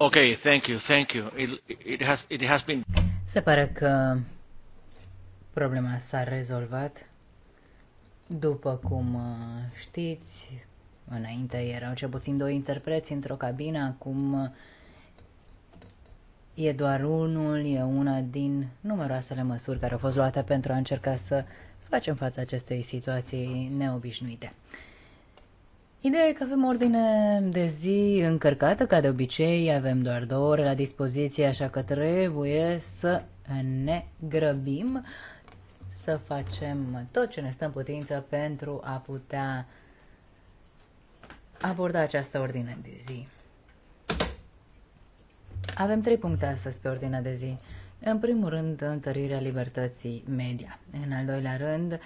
Ok, thank you, thank you. It, it, has, it has been... Se pare că problema s-a rezolvat. După cum uh, știți, înainte erau cel puțin doi interpreți într-o cabină, acum uh, e doar unul, e una din numeroasele măsuri care au fost luate pentru a încerca să facem față acestei situații neobișnuite. Ideea e că avem ordine de zi încărcată, ca de obicei, avem doar două ore la dispoziție, așa că trebuie să ne grăbim, să facem tot ce ne stă în putință pentru a putea aborda această ordine de zi. Avem trei puncte astăzi pe ordinea de zi. În primul rând, întărirea libertății media. În al doilea rând,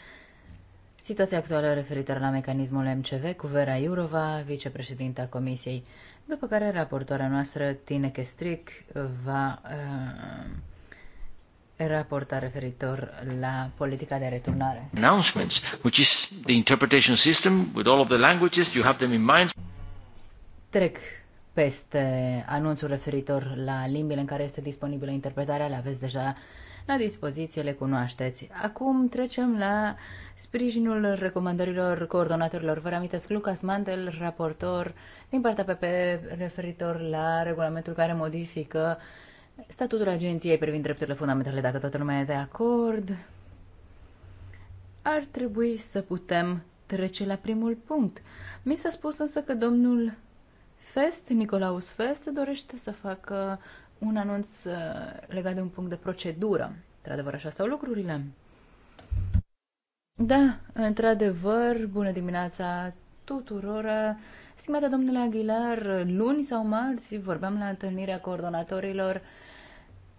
Situația actuală referitor la mecanismul MCV cu Vera Iurova, vicepreședinta Comisiei, după care raportoarea noastră, Tineke Stric, va uh, raporta referitor la politica de returnare. Announcements, which is the interpretation system with all of the languages, you have them in mind. Trec peste anunțul referitor la limbile în care este disponibilă interpretarea, le aveți deja uh, la dispoziție, le cunoașteți. Acum trecem la sprijinul recomandărilor coordonatorilor. Vă reamintesc Lucas Mandel, raportor din partea PP referitor la regulamentul care modifică statutul agenției privind drepturile fundamentale, dacă toată lumea e de acord. Ar trebui să putem trece la primul punct. Mi s-a spus însă că domnul Fest, Nicolaus Fest, dorește să facă un anunț uh, legat de un punct de procedură. Într-adevăr, așa stau lucrurile. Da, într-adevăr, bună dimineața tuturor. Stimate domnule Aguilar, luni sau marți vorbeam la întâlnirea coordonatorilor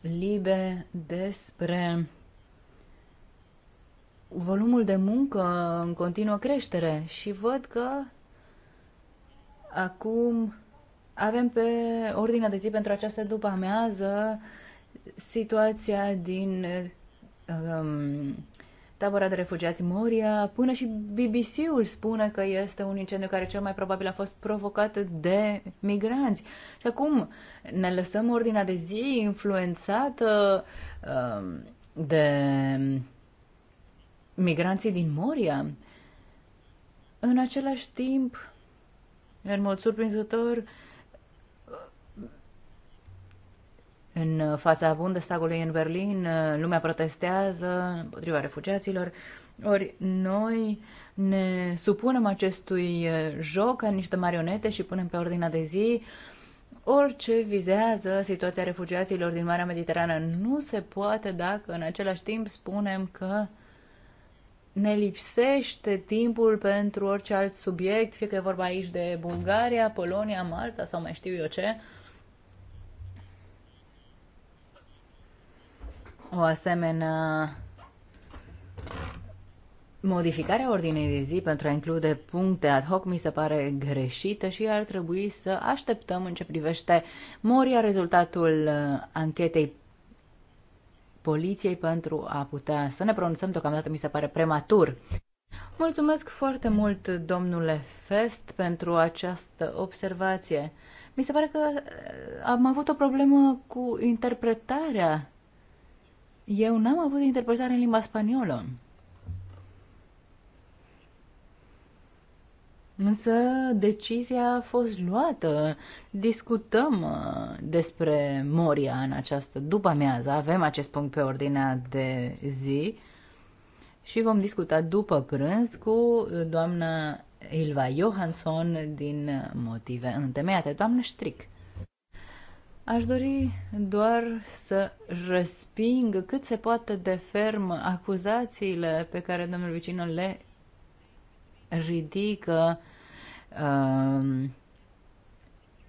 libe despre volumul de muncă în continuă creștere și văd că acum avem pe ordinea de zi pentru această după amiază situația din um, tabăra de refugiați Moria. Până și BBC-ul spune că este un incendiu care cel mai probabil a fost provocat de migranți. Și acum ne lăsăm ordinea de zi influențată um, de migranții din Moria. În același timp, în mod surprinzător, În fața Bundestagului în Berlin, lumea protestează împotriva refugiaților, ori noi ne supunem acestui joc ca niște marionete și punem pe ordinea de zi orice vizează situația refugiaților din Marea Mediterană. Nu se poate dacă în același timp spunem că ne lipsește timpul pentru orice alt subiect, fie că e vorba aici de Bulgaria, Polonia, Malta sau mai știu eu ce. o asemenea a ordinei de zi pentru a include puncte ad hoc mi se pare greșită și ar trebui să așteptăm în ce privește Moria rezultatul uh, anchetei poliției pentru a putea să ne pronunțăm deocamdată mi se pare prematur. Mulțumesc foarte mult, domnule Fest, pentru această observație. Mi se pare că uh, am avut o problemă cu interpretarea eu n-am avut interpretare în limba spaniolă. Însă decizia a fost luată. Discutăm uh, despre Moria în această după amiază. Avem acest punct pe ordinea de zi și vom discuta după prânz cu doamna Ilva Johansson din motive întemeiate. Doamnă Stric, Aș dori doar să răsping cât se poate de ferm acuzațiile pe care domnul Vicino le ridică uh,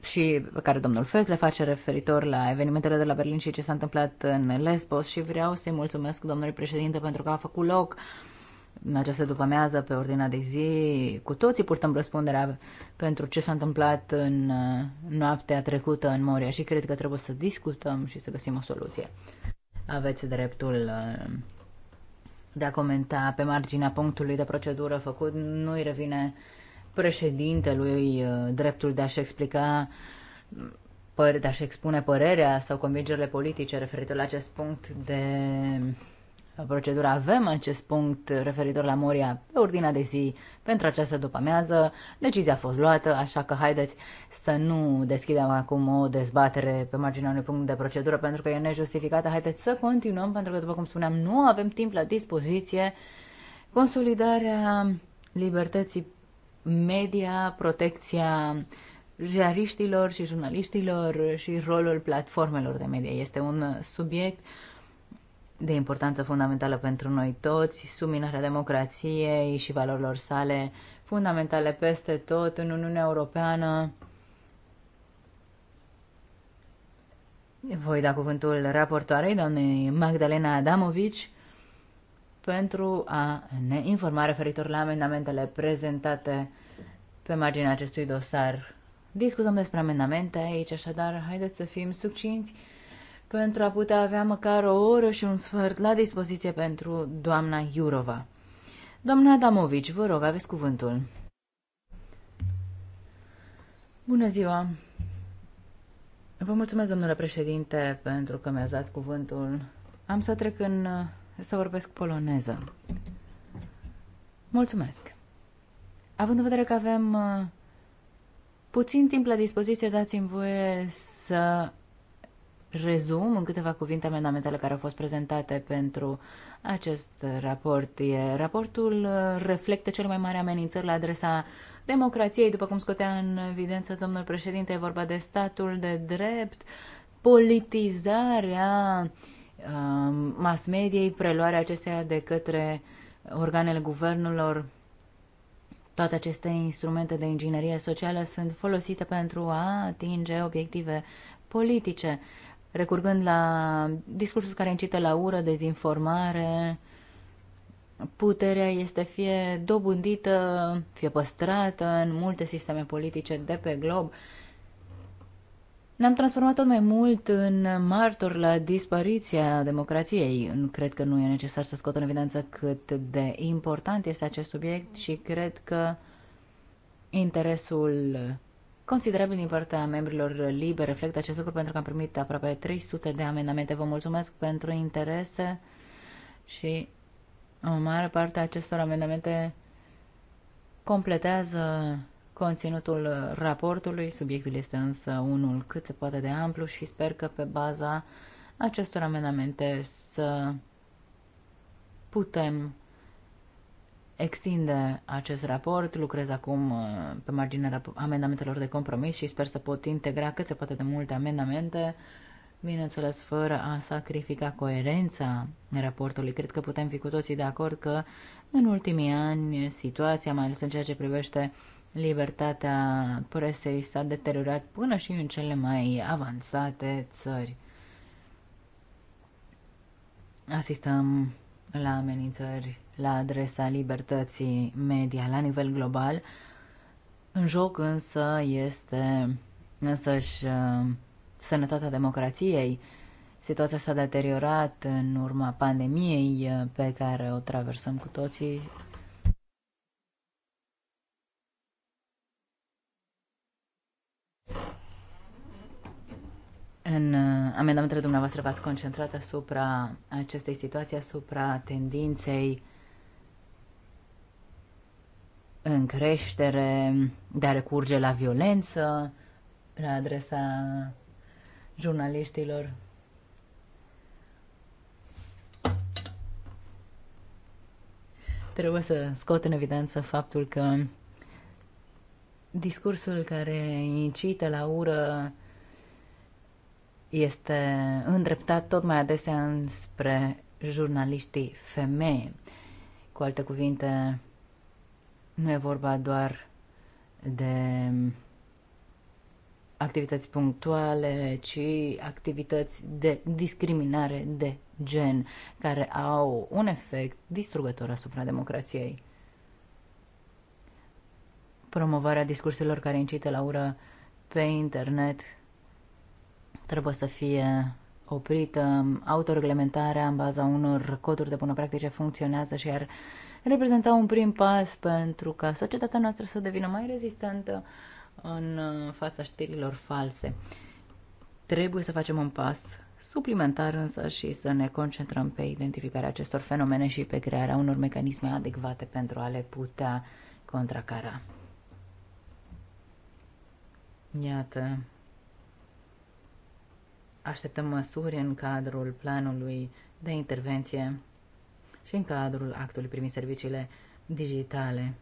și pe care domnul Fes le face referitor la evenimentele de la Berlin și ce s-a întâmplat în Lesbos și vreau să-i mulțumesc domnului președinte pentru că a făcut loc uh, în această după-amiază, pe ordinea de zi, cu toții purtăm răspunderea pentru ce s-a întâmplat în uh, noaptea trecută în Moria și cred că trebuie să discutăm și să găsim o soluție. Aveți dreptul uh, de a comenta pe marginea punctului de procedură făcut. Nu-i revine președintelui uh, dreptul de a-și explica de a-și expune părerea sau convingerile politice referitor la acest punct de procedură avem acest punct referitor la Moria pe ordinea de zi pentru această după-amiază. Decizia a fost luată, așa că haideți să nu deschidem acum o dezbatere pe marginea unui punct de procedură pentru că e nejustificată. Haideți să continuăm pentru că, după cum spuneam, nu avem timp la dispoziție. Consolidarea libertății media, protecția ziariștilor și jurnaliștilor și rolul platformelor de media este un subiect uh, de importanță fundamentală pentru noi toți, suminarea democrației și valorilor sale fundamentale peste tot în Uniunea Europeană. Voi da cuvântul raportoarei, doamnei Magdalena Adamovici, pentru a ne informa referitor la amendamentele prezentate pe marginea acestui dosar. Discutăm despre amendamente aici, așadar, haideți să fim succinți pentru a putea avea măcar o oră și un sfert la dispoziție pentru doamna Iurova. Doamna Adamovici, vă rog, aveți cuvântul. Bună ziua! Vă mulțumesc, domnule președinte, pentru că mi-ați dat cuvântul. Am să trec în... să vorbesc poloneză. Mulțumesc! Având în vedere că avem uh, puțin timp la dispoziție, dați-mi voie să rezum în câteva cuvinte amendamentele care au fost prezentate pentru acest raport. E, raportul uh, reflectă cele mai mari amenințări la adresa democrației, după cum scotea în evidență domnul președinte, e vorba de statul de drept, politizarea um, mass mediei, preluarea acesteia de către organele guvernelor. Toate aceste instrumente de inginerie socială sunt folosite pentru a atinge obiective politice recurgând la discursul care incită la ură, dezinformare, puterea este fie dobândită, fie păstrată în multe sisteme politice de pe glob. Ne-am transformat tot mai mult în martor la dispariția democrației. Cred că nu e necesar să scot în evidență cât de important este acest subiect și cred că interesul considerabil din partea membrilor liberi reflectă acest lucru pentru că am primit aproape 300 de amendamente. Vă mulțumesc pentru interese și o mare parte a acestor amendamente completează conținutul raportului. Subiectul este însă unul cât se poate de amplu și sper că pe baza acestor amendamente să putem extinde acest raport. Lucrez acum uh, pe marginea amendamentelor de compromis și sper să pot integra cât se poate de multe amendamente, bineînțeles fără a sacrifica coerența raportului. Cred că putem fi cu toții de acord că în ultimii ani situația, mai ales în ceea ce privește libertatea presei, s-a deteriorat până și în cele mai avansate țări. Asistăm la amenințări la adresa libertății media la nivel global. În joc însă este însăși uh, sănătatea democrației. Situația s-a deteriorat în urma pandemiei uh, pe care o traversăm cu toții. În uh, amendamentele dumneavoastră v-ați concentrat asupra acestei situații, asupra tendinței în creștere, de a recurge la violență la adresa jurnaliștilor. Trebuie să scot în evidență faptul că discursul care incită la ură este îndreptat tot mai adesea înspre jurnaliștii femei. Cu alte cuvinte, nu e vorba doar de activități punctuale, ci activități de discriminare de gen, care au un efect distrugător asupra democrației. Promovarea discursurilor care incită la ură pe internet trebuie să fie oprită. Autoreglementarea în baza unor coduri de bună practice funcționează și ar reprezenta un prim pas pentru ca societatea noastră să devină mai rezistentă în uh, fața știrilor false. Trebuie să facem un pas suplimentar însă și să ne concentrăm pe identificarea acestor fenomene și pe crearea unor mecanisme adecvate pentru a le putea contracara. Iată, așteptăm măsuri în cadrul planului de intervenție și în cadrul actului privind serviciile digitale.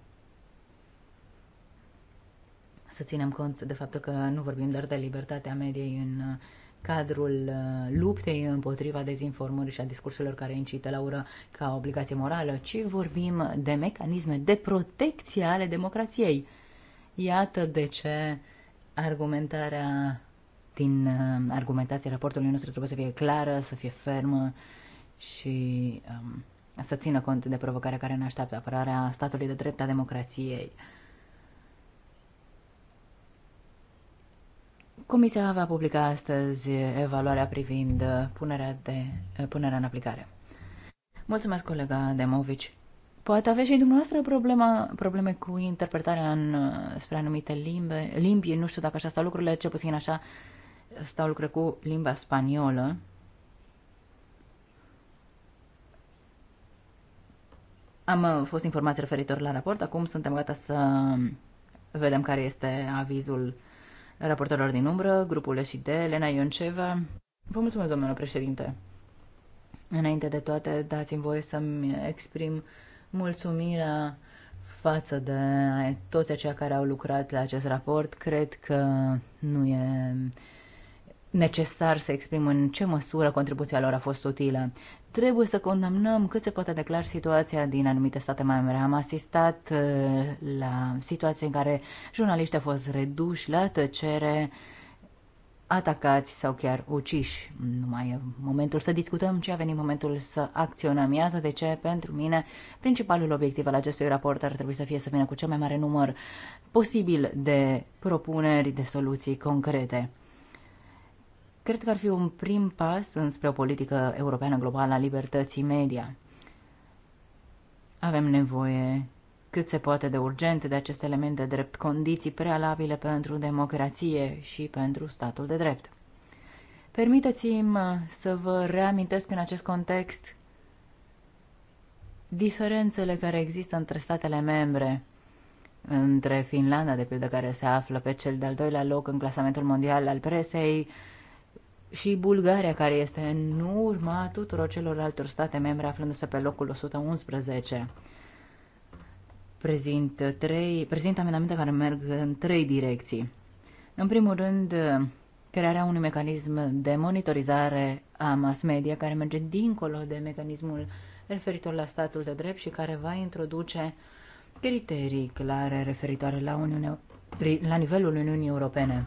Să ținem cont de faptul că nu vorbim doar de libertatea mediei în uh, cadrul uh, luptei împotriva dezinformării și a discursurilor care incită la ură ca obligație morală, ci vorbim de mecanisme de protecție ale democrației. Iată de ce argumentarea din uh, argumentația raportului nostru trebuie să fie clară, să fie fermă și um, să țină cont de provocarea care ne așteaptă, apărarea statului de drept a democrației. Comisia va publica astăzi evaluarea privind punerea, de, punerea în aplicare. Mulțumesc, colega Demovici. Poate aveți și dumneavoastră problema, probleme cu interpretarea în, spre anumite limbe, limbi. Nu știu dacă așa stau lucrurile, ce puțin așa stau lucrurile cu limba spaniolă. Am uh, fost informați referitor la raport, acum suntem gata să vedem care este avizul raportorilor din umbră, grupul SID, Elena Ionceva. Vă mulțumesc, domnule președinte. Înainte de toate, dați-mi voie să-mi exprim mulțumirea față de toți aceia care au lucrat la acest raport. Cred că nu e necesar să exprim în ce măsură contribuția lor a fost utilă. Trebuie să condamnăm cât se poate declar situația din anumite state membre. Am asistat uh, la situații în care jurnaliștii au fost reduși la tăcere, atacați sau chiar uciși. Nu mai e momentul să discutăm, ci a venit momentul să acționăm. Iată de ce, pentru mine, principalul obiectiv al acestui raport ar trebui să fie să vină cu cel mai mare număr posibil de propuneri, de soluții concrete cred că ar fi un prim pas înspre o politică europeană globală a libertății media. Avem nevoie cât se poate de urgent de aceste elemente drept condiții prealabile pentru democrație și pentru statul de drept. Permiteți-mi să vă reamintesc în acest context diferențele care există între statele membre, între Finlanda, de pildă, care se află pe cel de-al doilea loc în clasamentul mondial al presei, și Bulgaria, care este în urma tuturor celor altor state membre, aflându-se pe locul 111. Prezint, trei, prezint amendamente care merg în trei direcții. În primul rând, crearea unui mecanism de monitorizare a mass media care merge dincolo de mecanismul referitor la statul de drept și care va introduce criterii clare referitoare la, Uniune, la nivelul Uniunii Europene.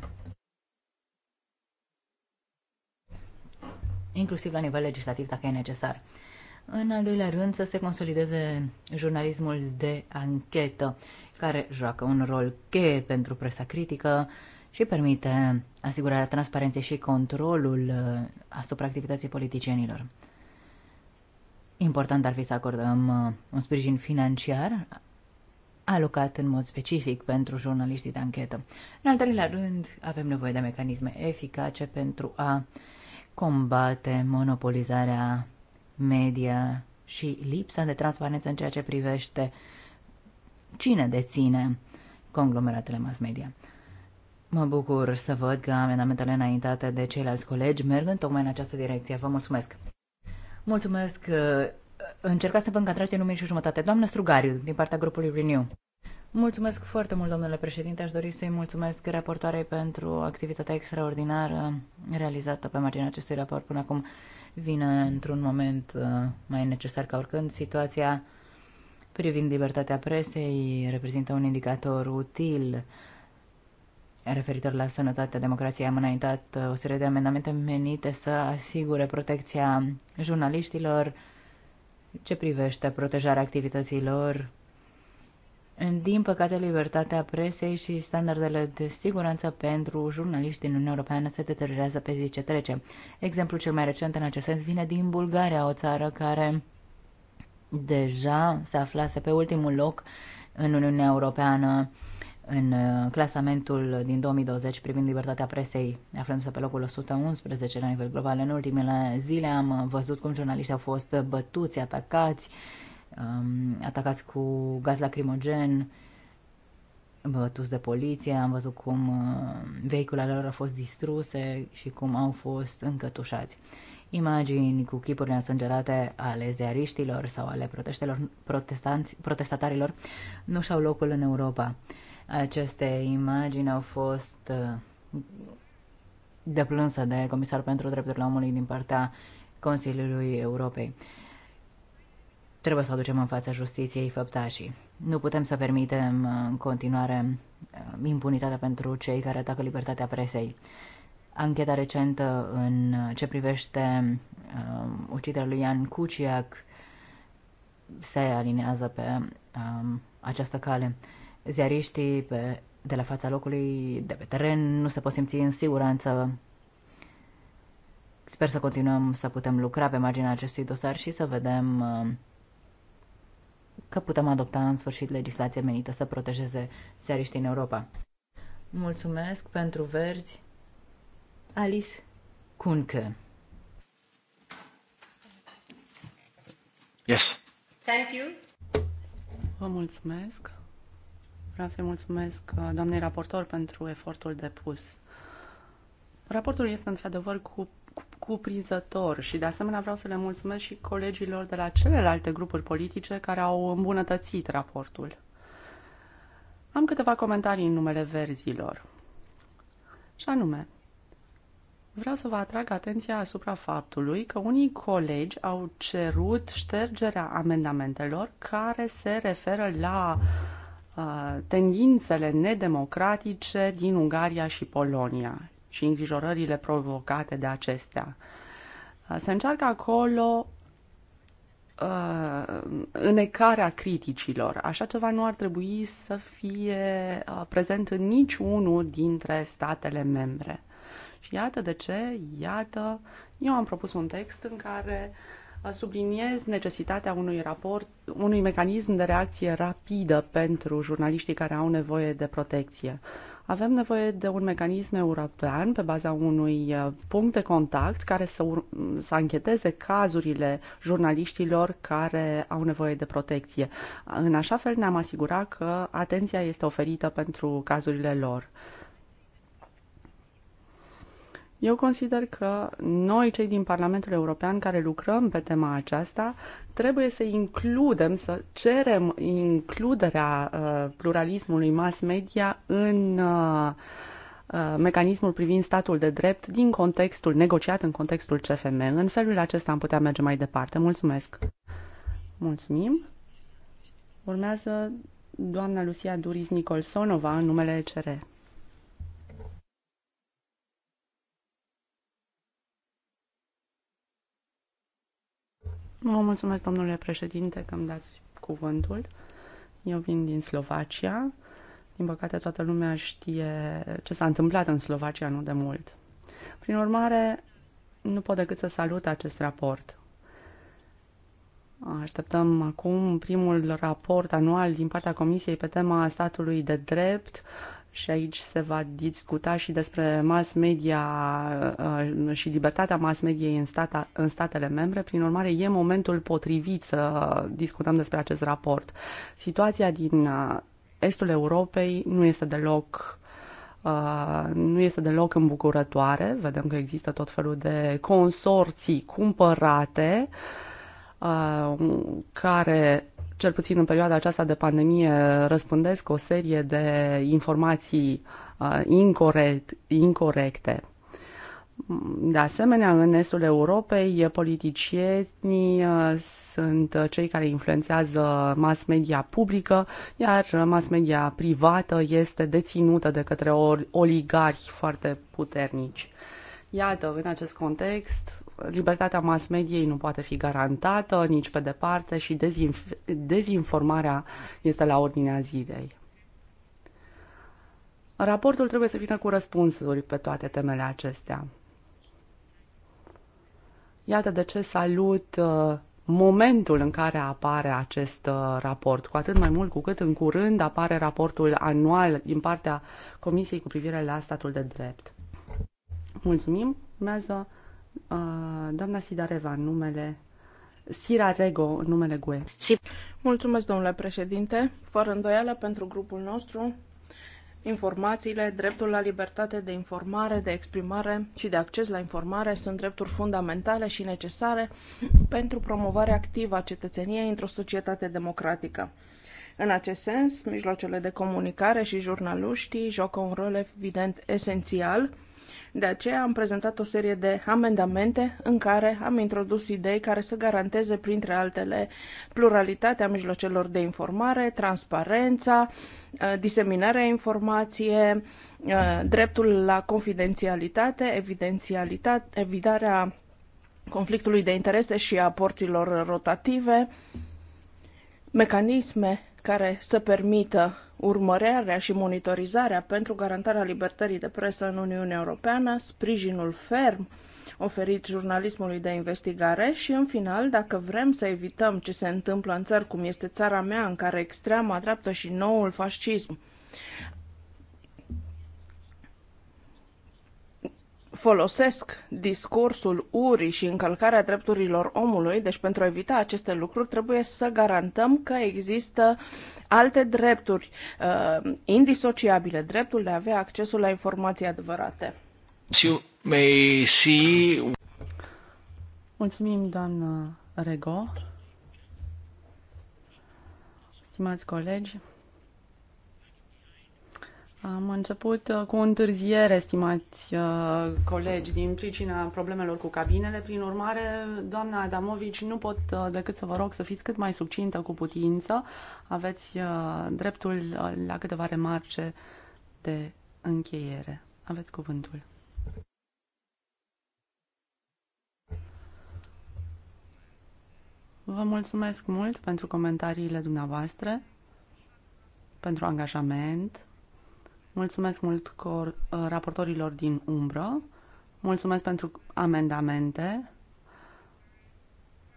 inclusiv la nivel legislativ, dacă e necesar. În al doilea rând, să se consolideze jurnalismul de anchetă, care joacă un rol cheie pentru presa critică și permite asigurarea transparenței și controlul uh, asupra activității politicienilor. Important ar fi să acordăm uh, un sprijin financiar alocat în mod specific pentru jurnaliștii de anchetă. În al treilea rând, avem nevoie de mecanisme eficace pentru a uh, combate monopolizarea media și lipsa de transparență în ceea ce privește cine deține conglomeratele mass media. Mă bucur să văd că amendamentele înaintate de ceilalți colegi merg în tocmai în această direcție. Vă mulțumesc! Mulțumesc! Încercați să vă încadrați în un și jumătate. Doamnă Strugariu, din partea grupului Renew. Mulțumesc foarte mult, domnule președinte. Aș dori să-i mulțumesc raportoarei pentru activitatea extraordinară realizată pe marginea acestui raport până acum. Vine într-un moment uh, mai necesar ca oricând. Situația privind libertatea presei reprezintă un indicator util referitor la sănătatea democrației. Am înaintat uh, o serie de amendamente menite să asigure protecția jurnaliștilor ce privește protejarea activităților din păcate, libertatea presei și standardele de siguranță pentru jurnaliști din Uniunea Europeană se deteriorează pe zi ce trece. Exemplul cel mai recent în acest sens vine din Bulgaria, o țară care deja se aflase pe ultimul loc în Uniunea Europeană în uh, clasamentul din 2020 privind libertatea presei, aflându-se pe locul 111 la nivel global. În ultimele zile am uh, văzut cum jurnaliștii au fost uh, bătuți, atacați, um, atacați cu gaz lacrimogen, bătuți de poliție, am văzut cum uh, vehiculele lor au fost distruse și cum au fost încătușați. Imagini cu chipurile însângerate ale ziariștilor sau ale protestanți, protestatarilor nu și-au locul în Europa. Aceste imagini au fost uh, deplânsă de comisar pentru drepturile omului din partea Consiliului Europei trebuie să aducem în fața justiției făptașii. Nu putem să permitem uh, în continuare uh, impunitatea pentru cei care atacă libertatea presei. Ancheta recentă în uh, ce privește um, uciderea lui Ian Cuciac se alinează pe um, această cale. Ziariștii pe, de la fața locului, de pe teren, nu se pot simți în siguranță Sper să continuăm să putem lucra pe marginea acestui dosar și să vedem că putem adopta în sfârșit legislație menită să protejeze țăriștii în Europa. Mulțumesc pentru verzi, Alice Kunke. Yes. Thank you. Vă mulțumesc. Vreau să-i mulțumesc uh, doamnei raportor pentru efortul depus. Raportul este într-adevăr cu cuprinzător și de asemenea vreau să le mulțumesc și colegilor de la celelalte grupuri politice care au îmbunătățit raportul. Am câteva comentarii în numele verzilor. Și anume, vreau să vă atrag atenția asupra faptului că unii colegi au cerut ștergerea amendamentelor care se referă la uh, tendințele nedemocratice din Ungaria și Polonia și îngrijorările provocate de acestea. Uh, se încearcă acolo uh, înecarea criticilor. Așa ceva nu ar trebui să fie uh, prezent în niciunul dintre statele membre. Și iată de ce, iată, eu am propus un text în care uh, subliniez necesitatea unui raport, unui mecanism de reacție rapidă pentru jurnaliștii care au nevoie de protecție. Uh, avem nevoie de un mecanism european pe baza unui uh, punct de contact care să, să ancheteze cazurile jurnaliștilor care au nevoie de protecție. În așa fel ne-am asigurat că atenția este oferită pentru cazurile lor. Eu consider că noi, cei din Parlamentul European care lucrăm pe tema aceasta, trebuie să includem, să cerem includerea uh, pluralismului mass media în uh, uh mecanismul privind statul de drept din contextul negociat în contextul CFM. În felul acesta am putea merge mai departe. Mulțumesc! Mulțumim! Urmează doamna Lucia Duris Nicolsonova în numele ECR. Vă mulțumesc, domnule președinte, că îmi dați cuvântul. Eu vin din Slovacia. Din păcate, toată lumea știe ce s-a întâmplat în Slovacia nu de mult. Prin urmare, nu pot decât să salut acest raport. Așteptăm acum primul raport anual din partea Comisiei pe tema statului de drept și aici se va discuta și despre mass media uh, și libertatea mass mediei în, stata, în statele membre. Prin urmare, e momentul potrivit să discutăm despre acest raport. Situația din uh, estul Europei nu este deloc uh, nu este deloc îmbucurătoare. Vedem că există tot felul de consorții cumpărate care cel puțin în perioada aceasta de pandemie, răspândesc o serie de informații uh, incorrect, incorrecte. De asemenea, în estul Europei, politicienii uh, sunt cei care influențează mass media publică, iar mass media privată este deținută de către oligarhi foarte puternici. Iată, în acest context, libertatea mass mediei nu poate fi garantată nici pe departe și dezinf- dezinformarea este la ordinea zilei. Raportul trebuie să vină cu răspunsuri pe toate temele acestea. Iată de ce salut uh, momentul în care apare acest uh, raport, cu atât mai mult cu cât în curând apare raportul anual din partea Comisiei cu privire la statul de drept. Mulțumim! Urmează Uh, doamna Sidareva, numele Sira Rego, numele GUE. Mulțumesc, domnule președinte. Fără îndoială pentru grupul nostru, informațiile, dreptul la libertate de informare, de exprimare și de acces la informare sunt drepturi fundamentale și necesare pentru promovarea activă a cetățeniei într-o societate democratică. În acest sens, mijloacele de comunicare și jurnaluștii joacă un rol evident esențial de aceea am prezentat o serie de amendamente în care am introdus idei care să garanteze, printre altele, pluralitatea mijlocelor de informare, transparența, eh, diseminarea informației, eh, dreptul la confidențialitate, evidențialitate, evitarea conflictului de interese și a porților rotative, mecanisme care să permită urmărearea și monitorizarea pentru garantarea libertării de presă în Uniunea Europeană, sprijinul ferm oferit jurnalismului de investigare și, în final, dacă vrem să evităm ce se întâmplă în țări cum este țara mea, în care extrema dreaptă și noul fascism folosesc discursul urii și încălcarea drepturilor omului, deci pentru a evita aceste lucruri trebuie să garantăm că există alte drepturi uh, indisociabile, dreptul de a avea accesul la informații adevărate. Mulțumim, doamnă Rego. Stimați colegi, am început uh, cu o întârziere, stimați uh, colegi, din pricina problemelor cu cabinele. Prin urmare, doamna Adamovici, nu pot uh, decât să vă rog să fiți cât mai succintă cu putință. Aveți dreptul la câteva remarce de încheiere. Aveți cuvântul. Vă mulțumesc mult pentru comentariile dumneavoastră, pentru angajament, Mulțumesc mult uh, raportorilor din umbră. Mulțumesc pentru amendamente.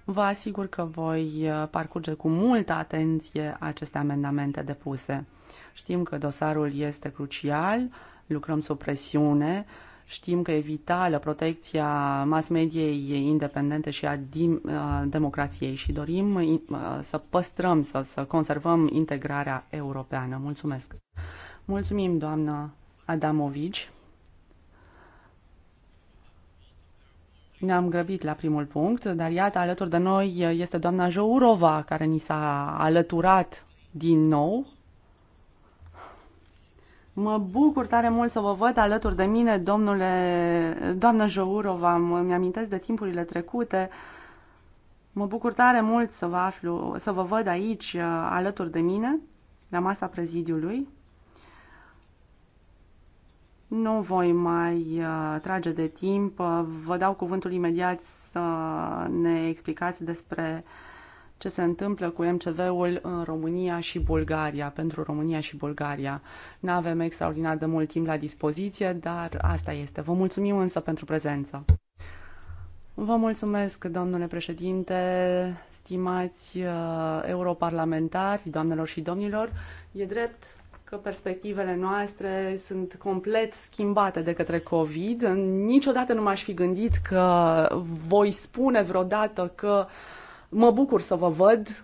Vă asigur că voi uh, parcurge cu multă atenție aceste amendamente depuse. Știm că dosarul este crucial, lucrăm sub presiune, știm că e vitală protecția mass mediei independente și a uh, democrației și dorim să păstrăm, să, să conservăm integrarea europeană. Mulțumesc! Mulțumim, doamnă Adamovici. Ne-am grăbit la primul punct, dar iată, alături de noi este doamna Jourova, care ni s-a alăturat din nou. Mă bucur tare mult să vă văd alături de mine, domnule, doamnă Jourova, mi amintesc de timpurile trecute. Mă bucur tare mult să vă, aflu, să vă văd aici, alături de mine, la masa prezidiului. Nu voi mai uh, trage de timp. Uh, vă dau cuvântul imediat să ne explicați despre ce se întâmplă cu MCV-ul în România și Bulgaria, pentru România și Bulgaria. Nu avem extraordinar de mult timp la dispoziție, dar asta este. Vă mulțumim însă pentru prezență. Vă mulțumesc, domnule președinte, stimați uh, europarlamentari, doamnelor și domnilor. E drept că perspectivele noastre sunt complet schimbate de către COVID. Niciodată nu m-aș fi gândit că voi spune vreodată că mă bucur să vă văd,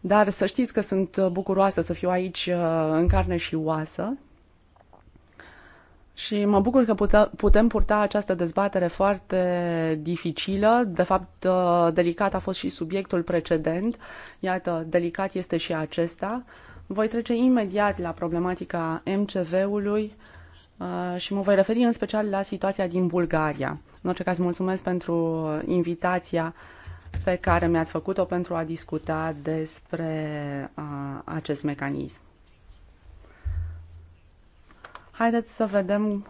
dar să știți că sunt bucuroasă să fiu aici uh, în carne și oasă. Și mă bucur că putem, putem purta această dezbatere foarte dificilă. De fapt, uh, delicat a fost și subiectul precedent. Iată, delicat este și acesta. Uh, voi trece imediat la problematica MCV-ului uh, și mă voi referi în special la situația din Bulgaria. În orice caz, mulțumesc pentru invitația pe care mi-ați făcut-o pentru a discuta despre uh, acest mecanism. Haideți să vedem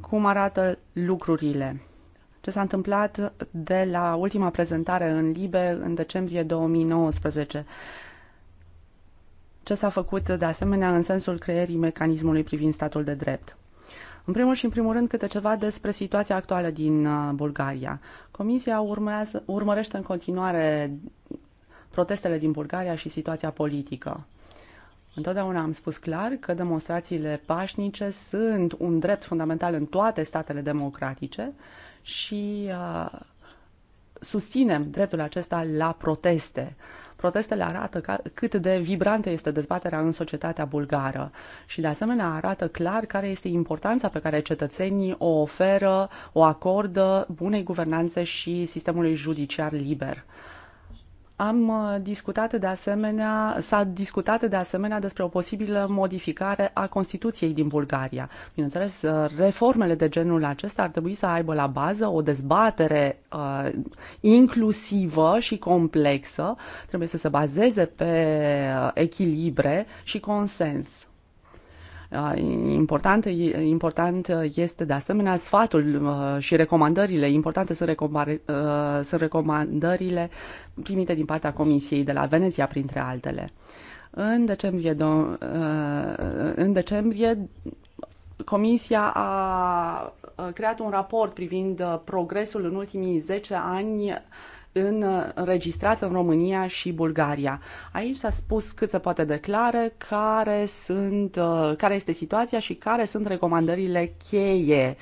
cum arată lucrurile. Ce s-a întâmplat de la ultima prezentare în Libe în decembrie 2019 ce s-a făcut de asemenea în sensul creierii mecanismului privind statul de drept. În primul și în primul rând câte ceva despre situația actuală din uh, Bulgaria. Comisia urmează, urmărește în continuare protestele din Bulgaria și situația politică. Întotdeauna am spus clar că demonstrațiile pașnice sunt un drept fundamental în toate statele democratice și uh, susținem dreptul acesta la proteste. Uh, Protestele arată ca, cât de vibrantă este dezbaterea în societatea bulgară și de asemenea arată clar care este importanța pe care cetățenii o oferă, o acordă bunei guvernanțe și sistemului judiciar liber. Am uh, discutat de asemenea, s-a discutat de asemenea despre o posibilă modificare a Constituției din Bulgaria. Bineînțeles, uh, reformele de genul acesta ar trebui să aibă la bază o dezbatere uh, inclusivă și complexă, trebuie să se bazeze pe uh, echilibre și consens. Important, important este de asemenea sfatul uh, și recomandările, importante sunt, recomare, uh, sunt recomandările primite din partea Comisiei de la Veneția, printre altele. În decembrie, uh, în decembrie Comisia a creat un raport privind progresul în ultimii 10 ani în înregistrat în România și Bulgaria. Aici s-a spus cât se poate declare, care, sunt, uh, care este situația și care sunt recomandările cheie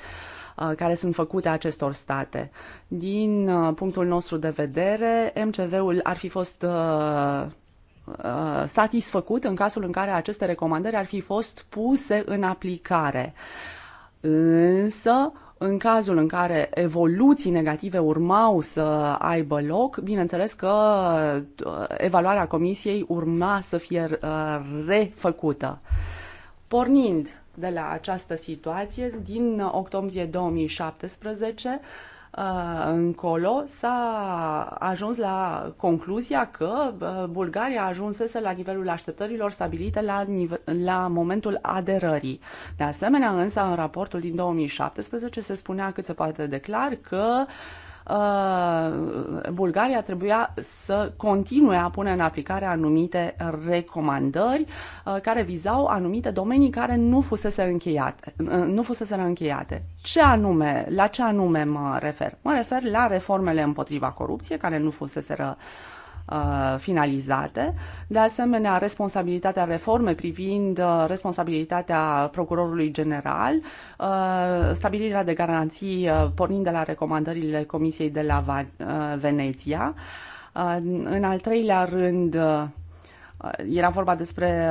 uh, care sunt făcute acestor state. Din uh, punctul nostru de vedere, MCV-ul ar fi fost satisfăcut în cazul în care aceste recomandări ar fi fost puse în aplicare. Însă, în cazul în care evoluții negative urmau să aibă loc, bineînțeles că uh, evaluarea comisiei urma să fie uh, refăcută. Pornind de la această situație, din octombrie 2017, Ah, încolo s-a ajuns la concluzia că Bulgaria ajunsese la nivelul așteptărilor stabilite la, nive- la momentul aderării. De asemenea, însă, în raportul din 2017 se spunea cât se poate declar că uh, Uh, Bulgaria trebuia să continue a pune în aplicare anumite recomandări uh, care vizau anumite domenii care nu fusese încheiate, uh, nu fusese încheiate. Ce anume, la ce anume mă refer? Mă refer la reformele împotriva corupției care nu fusese Uh, finalizate. De asemenea, responsabilitatea reforme privind uh, responsabilitatea procurorului general, uh, stabilirea de garanții pornind de la recomandările Comisiei de la Veneția. În al treilea rând, era vorba despre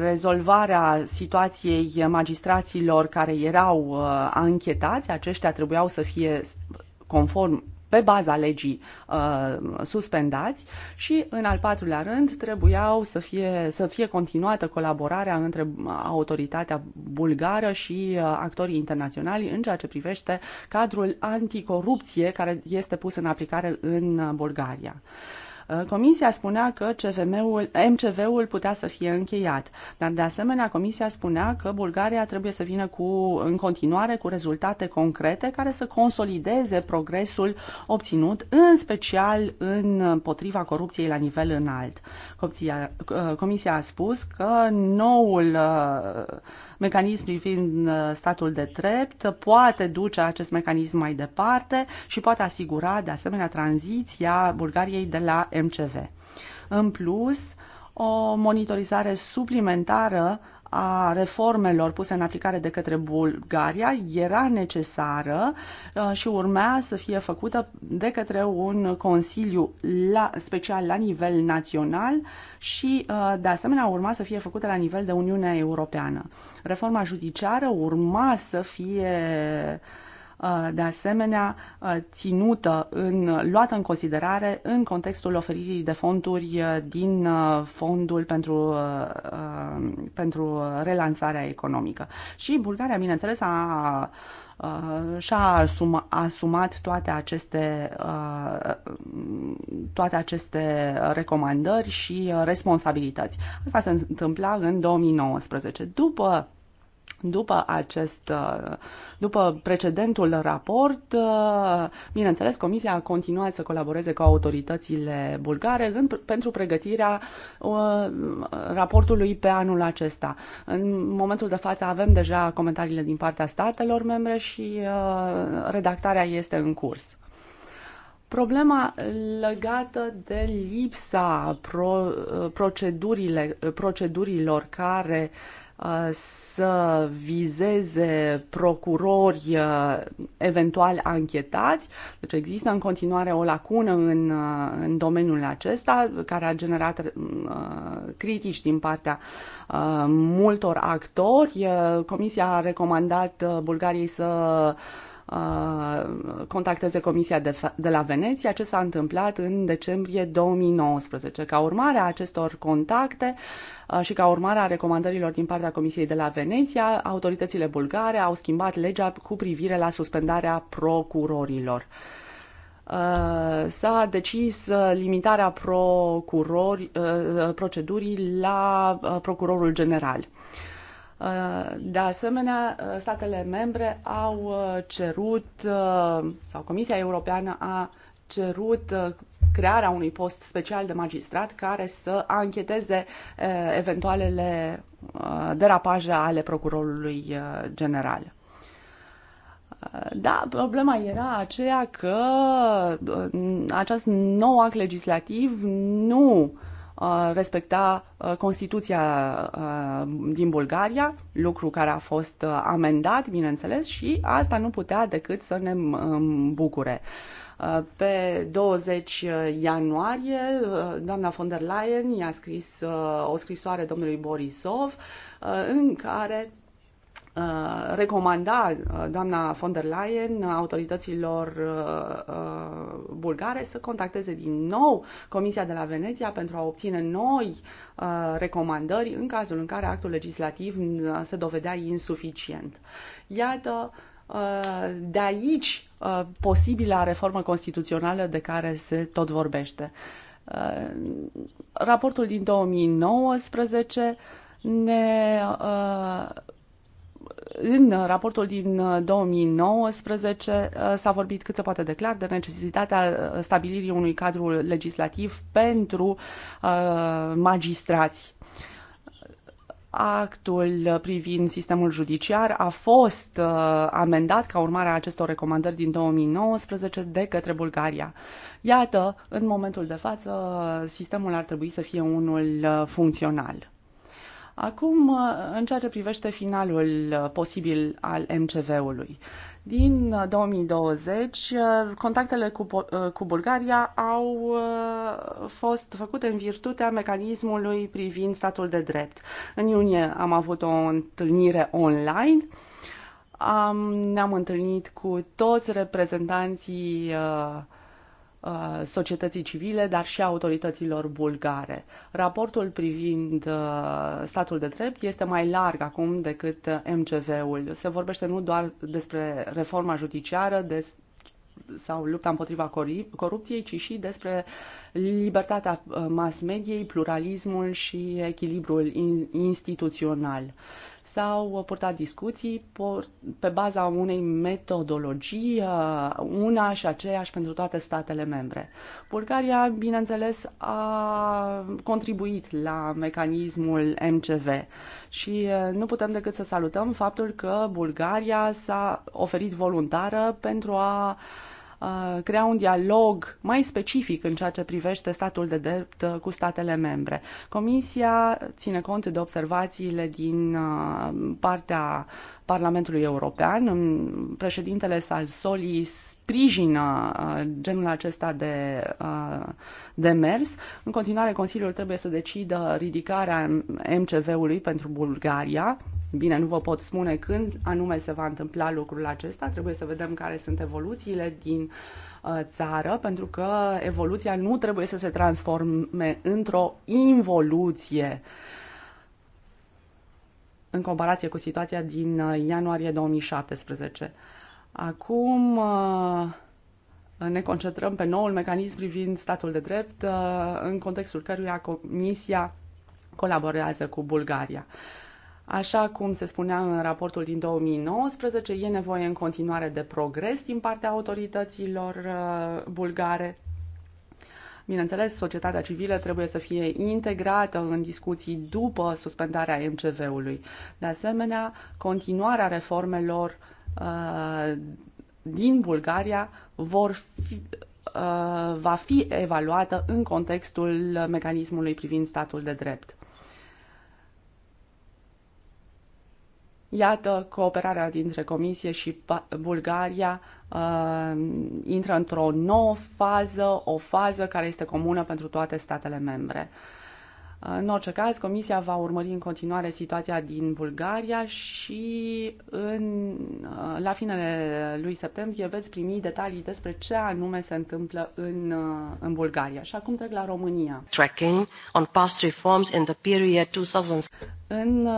rezolvarea situației magistraților care erau anchetați. Aceștia trebuiau să fie conform pe baza legii uh, suspendați și, în al patrulea rând, trebuiau să fie, să fie continuată colaborarea între autoritatea bulgară și uh, actorii internaționali în ceea ce privește cadrul anticorupție care este pus în aplicare în uh, Bulgaria. Uh, Uh, comisia spunea că CFM-ul, MCV-ul putea să fie încheiat, dar de asemenea Comisia spunea că Bulgaria trebuie să vină cu, în continuare cu rezultate concrete care să consolideze progresul obținut, în special în uh, potriva corupției la nivel înalt. Comisia, uh, Comisia a spus că noul mecanism privind uh, statul de drept, poate duce acest mecanism mai departe și poate asigura, de asemenea, tranziția Bulgariei de la MCV. În plus, o monitorizare suplimentară a reformelor puse în aplicare de către Bulgaria era necesară uh, și urmea să fie făcută de către un consiliu la, special la nivel național și uh, de asemenea urma să fie făcută la nivel de Uniunea Europeană. Reforma judiciară urma să fie uh, Uh, de asemenea uh, ținută în, luată în considerare în contextul oferirii de fonduri uh, din fondul pentru, pentru relansarea economică. Și Bulgaria, bineînțeles, a și-a asuma, asumat toate aceste, toate aceste recomandări și responsabilități. Asta se întâmpla în 2019. După după acest, uh, după precedentul raport, uh, bineînțeles, Comisia a continuat să colaboreze cu autoritățile bulgare în, pentru pregătirea uh, raportului pe anul acesta. În momentul de față avem deja comentariile din partea statelor membre și uh, redactarea este în curs. Problema legată de lipsa pro, uh, procedurile, procedurilor care uh, să vizeze procurori uh, eventual anchetați. Deci există în continuare o lacună în, uh, în domeniul acesta care a generat uh, critici din partea multor actori. Comisia a recomandat Bulgariei să Uh, contacteze Comisia de, de la Veneția, ce s-a întâmplat în decembrie 2019. Ca urmare a acestor contacte uh, și ca urmare a recomandărilor din partea Comisiei de la Veneția, autoritățile bulgare au schimbat legea cu privire la suspendarea procurorilor uh, s-a decis limitarea procurori, procedurii la procurorul general. Uh, de asemenea, uh, statele membre au uh, cerut, sau Comisia Europeană a cerut crearea unui post special de magistrat care să ancheteze eventualele derapaje ale procurorului general. Da, problema era aceea că acest nou act legislativ nu Uh, respecta uh, Constituția uh, din Bulgaria, lucru care a fost amendat, bineînțeles, și asta nu putea decât să ne bucure. Pe 20 ianuarie, doamna von der Leyen i-a scris o scrisoare domnului Borisov în care Uh, recomanda uh, doamna von der Leyen uh, autorităților bulgare să contacteze din nou Comisia de la Veneția pentru a obține noi recomandări în cazul în care actul legislativ se dovedea insuficient. Iată, de aici posibila reformă constituțională de care se tot vorbește. Raportul din 2019 ne în raportul din 2019 uh, uh, s-a vorbit cât se poate de clar de necesitatea uh, stabilirii unui cadru legislativ pentru magistrați actul privind sistemul judiciar a fost uh, amendat ca urmare a acestor recomandări din 2019 de către Bulgaria. Iată, în momentul de față, sistemul ar trebui să fie unul funcțional. Acum, uh, în ceea ce privește finalul uh, posibil al MCV-ului. Din 2020, uh, contactele cu, cu Bulgaria au fost făcute în virtutea mecanismului privind statul de drept. În iunie am avut o întâlnire online am, ne-am întâlnit cu toți reprezentanții uh, Uh, societății civile, dar și a autorităților bulgare. Raportul privind uh, statul de drept este mai larg acum decât MCV-ul. Se vorbește nu doar despre reforma judiciară, des sau lupta împotriva corupției, ci și despre libertatea uh, mass mediei, pluralismul și echilibrul instituțional s-au purtat discuții pe baza unei metodologii uh, una și aceeași pentru toate statele membre. Bulgaria, bineînțeles, a contribuit la mecanismul MCV și uh, nu putem decât să salutăm faptul că Bulgaria s-a oferit voluntară pentru a Uh, crea un dialog mai specific în ceea ce privește statul de drept uh, cu statele membre. Comisia ține cont de observațiile din uh, partea Parlamentului European. Președintele Salsoli sprijină uh, genul acesta de, uh, de mers. În continuare, Consiliul trebuie să decidă ridicarea MCV-ului pentru Bulgaria. Bine, nu vă pot spune când anume se va întâmpla lucrul acesta. Trebuie să vedem care sunt evoluțiile din uh, țară, pentru că evoluția nu trebuie să se transforme într-o involuție. Uh, în comparație cu situația din uh, ianuarie 2017. Acum uh, ne concentrăm pe noul mecanism privind statul de drept, uh, în contextul căruia Comisia colaborează cu Bulgaria. Așa cum se spunea în raportul din 2019, e nevoie în continuare de progres din partea autorităților bulgare Bineînțeles, societatea civilă trebuie să fie integrată în discuții după suspendarea MCV-ului. De asemenea, continuarea reformelor uh, din Bulgaria vor fi, uh, va fi evaluată în contextul mecanismului privind statul de drept. Iată, cooperarea dintre Comisie și Bulgaria uh, intră într-o nouă fază, o fază care este comună pentru toate statele membre. În orice caz, Comisia va urmări în continuare situația din Bulgaria și în, uh, la finele lui septembrie veți primi detalii despre ce anume se întâmplă în, uh, în Bulgaria. Și acum trec la România. Tracking on past reforms in the period 2000. În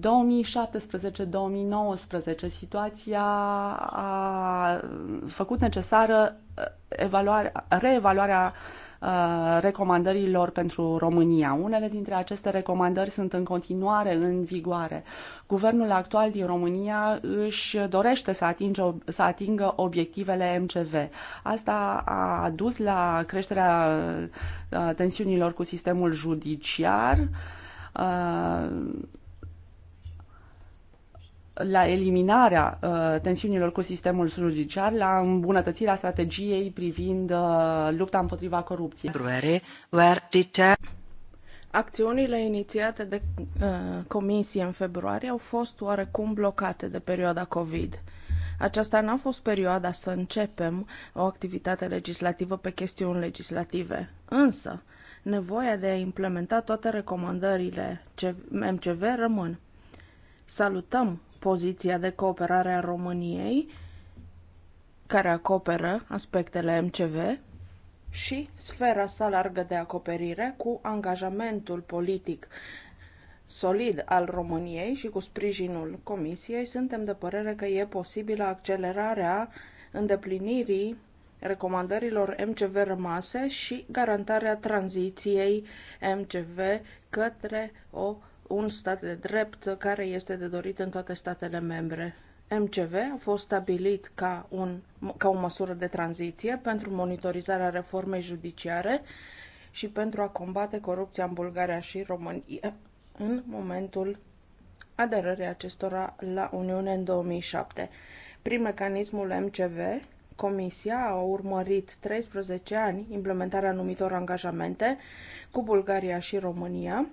2017-2019 uh, situația a făcut necesară evaluarea, reevaluarea re Uh, recomandărilor pentru România. Unele dintre aceste recomandări sunt în continuare în vigoare. Guvernul actual din România își dorește să, atinge, să atingă obiectivele MCV. Asta a dus la creșterea uh, tensiunilor cu sistemul judiciar uh, la eliminarea uh, tensiunilor cu sistemul judiciar, la îmbunătățirea strategiei privind uh, lupta împotriva corupției. Acțiunile inițiate de uh, comisie în februarie au fost oarecum blocate de perioada COVID. Aceasta n-a fost perioada să începem o activitate legislativă pe chestiuni legislative. Însă, nevoia de a implementa toate recomandările MCV rămân. Salutăm poziția de cooperare a României, care acoperă aspectele MCV, și sfera sa largă de acoperire cu angajamentul politic solid al României și cu sprijinul Comisiei, suntem de părere că e posibilă accelerarea îndeplinirii recomandărilor MCV rămase și garantarea tranziției MCV către o un stat de drept care este de dorit în toate statele membre. MCV a fost stabilit ca, un, ca o măsură de tranziție pentru monitorizarea reformei judiciare și pentru a combate corupția în Bulgaria și România în momentul aderării acestora la Uniune în 2007. Prin mecanismul MCV, Comisia a urmărit 13 ani implementarea anumitor angajamente cu Bulgaria și România,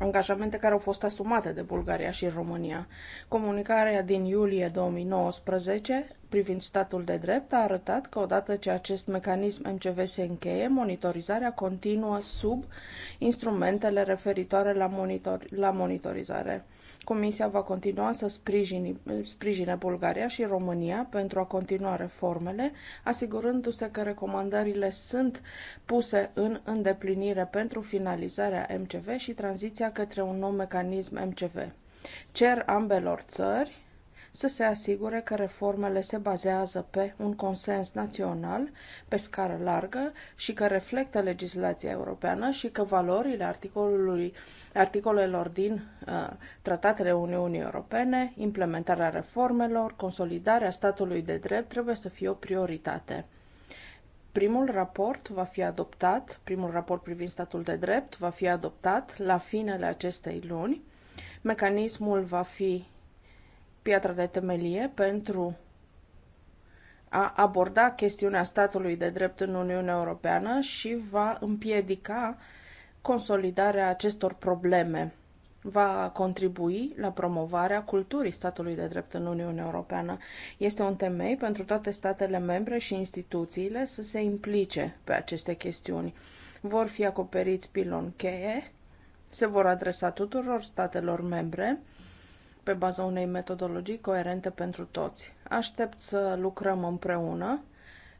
angajamente care au fost asumate de Bulgaria și România. Comunicarea din iulie 2019 privind statul de drept a arătat că odată ce acest mecanism MCV se încheie, monitorizarea continuă sub instrumentele referitoare la, monitor, la monitorizare. Comisia va continua să sprijini, sprijine Bulgaria și România pentru a continua reformele, asigurându-se că recomandările sunt puse în îndeplinire pentru finalizarea MCV și tranziția către un nou mecanism MCV. Cer ambelor țări să se asigure că reformele se bazează pe un consens național pe scară largă și că reflectă legislația europeană și că valorile articolului, articolelor din uh, tratatele Uniunii Europene, implementarea reformelor, consolidarea statului de drept trebuie să fie o prioritate. Primul raport va fi adoptat, primul raport privind statul de drept va fi adoptat la finele acestei luni. Mecanismul va fi piatra de temelie pentru a aborda chestiunea statului de drept în Uniunea Europeană și va împiedica consolidarea acestor probleme. Va contribui la promovarea culturii statului de drept în Uniunea Europeană. Este un temei pentru toate statele membre și instituțiile să se implice pe aceste chestiuni. Vor fi acoperiți pilon cheie, se vor adresa tuturor statelor membre pe baza unei metodologii coerente pentru toți. Aștept să lucrăm împreună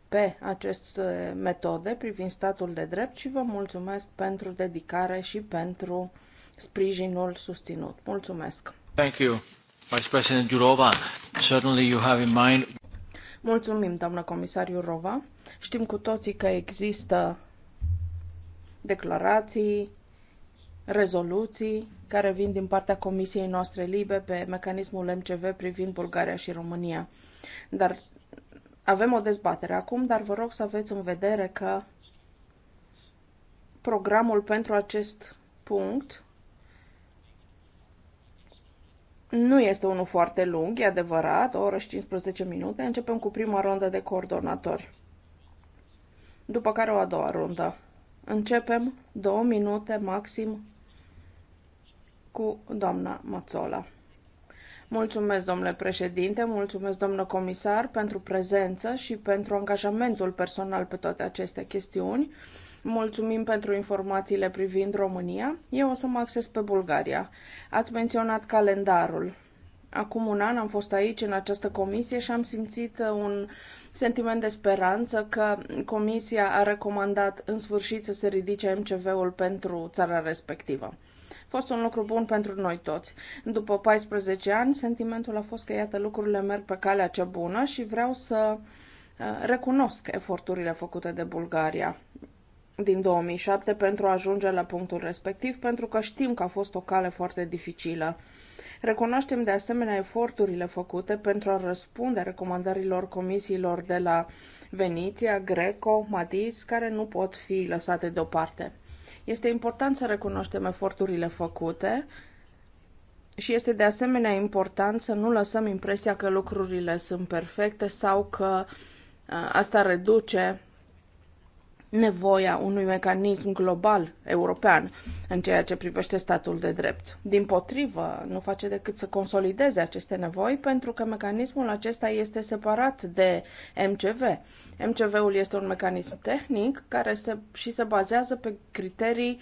pe aceste metode privind statul de drept și vă mulțumesc pentru dedicare și pentru sprijinul susținut. Mulțumesc! Thank you, Vice President Certainly you have in mind... Mulțumim, doamnă comisar Iurova. Știm cu toții că există declarații, rezoluții care vin din partea Comisiei noastre libe pe mecanismul MCV privind Bulgaria și România. Dar avem o dezbatere acum, dar vă rog să aveți în vedere că programul pentru acest punct nu este unul foarte lung, e adevărat, o oră și 15 minute. Începem cu prima rundă de coordonatori. După care o a doua rundă. Începem două minute maxim cu doamna Mazzola. Mulțumesc, domnule președinte, mulțumesc, domnule comisar, pentru prezență și pentru angajamentul personal pe toate aceste chestiuni. Mulțumim pentru informațiile privind România. Eu o să mă acces pe Bulgaria. Ați menționat calendarul. Acum un an am fost aici, în această comisie, și am simțit uh, un sentiment de speranță că comisia a recomandat în sfârșit să se ridice MCV-ul pentru țara respectivă fost un lucru bun pentru noi toți. După 14 ani, sentimentul a fost că, iată, lucrurile merg pe calea cea bună și vreau să uh, recunosc eforturile făcute de Bulgaria din 2007 pentru a ajunge la punctul respectiv, pentru că știm că a fost o cale foarte dificilă. Recunoaștem de asemenea eforturile făcute pentru a răspunde recomandărilor comisiilor de la Veniția, Greco, Madis, care nu pot fi lăsate deoparte. Este important să recunoaștem eforturile făcute și este de asemenea important să nu lăsăm impresia că lucrurile sunt perfecte sau că asta reduce nevoia unui mecanism global european în ceea ce privește statul de drept. Din potrivă, nu face decât să consolideze aceste nevoi pentru că mecanismul acesta este separat de MCV. MCV-ul este un mecanism tehnic care se, și se bazează pe criterii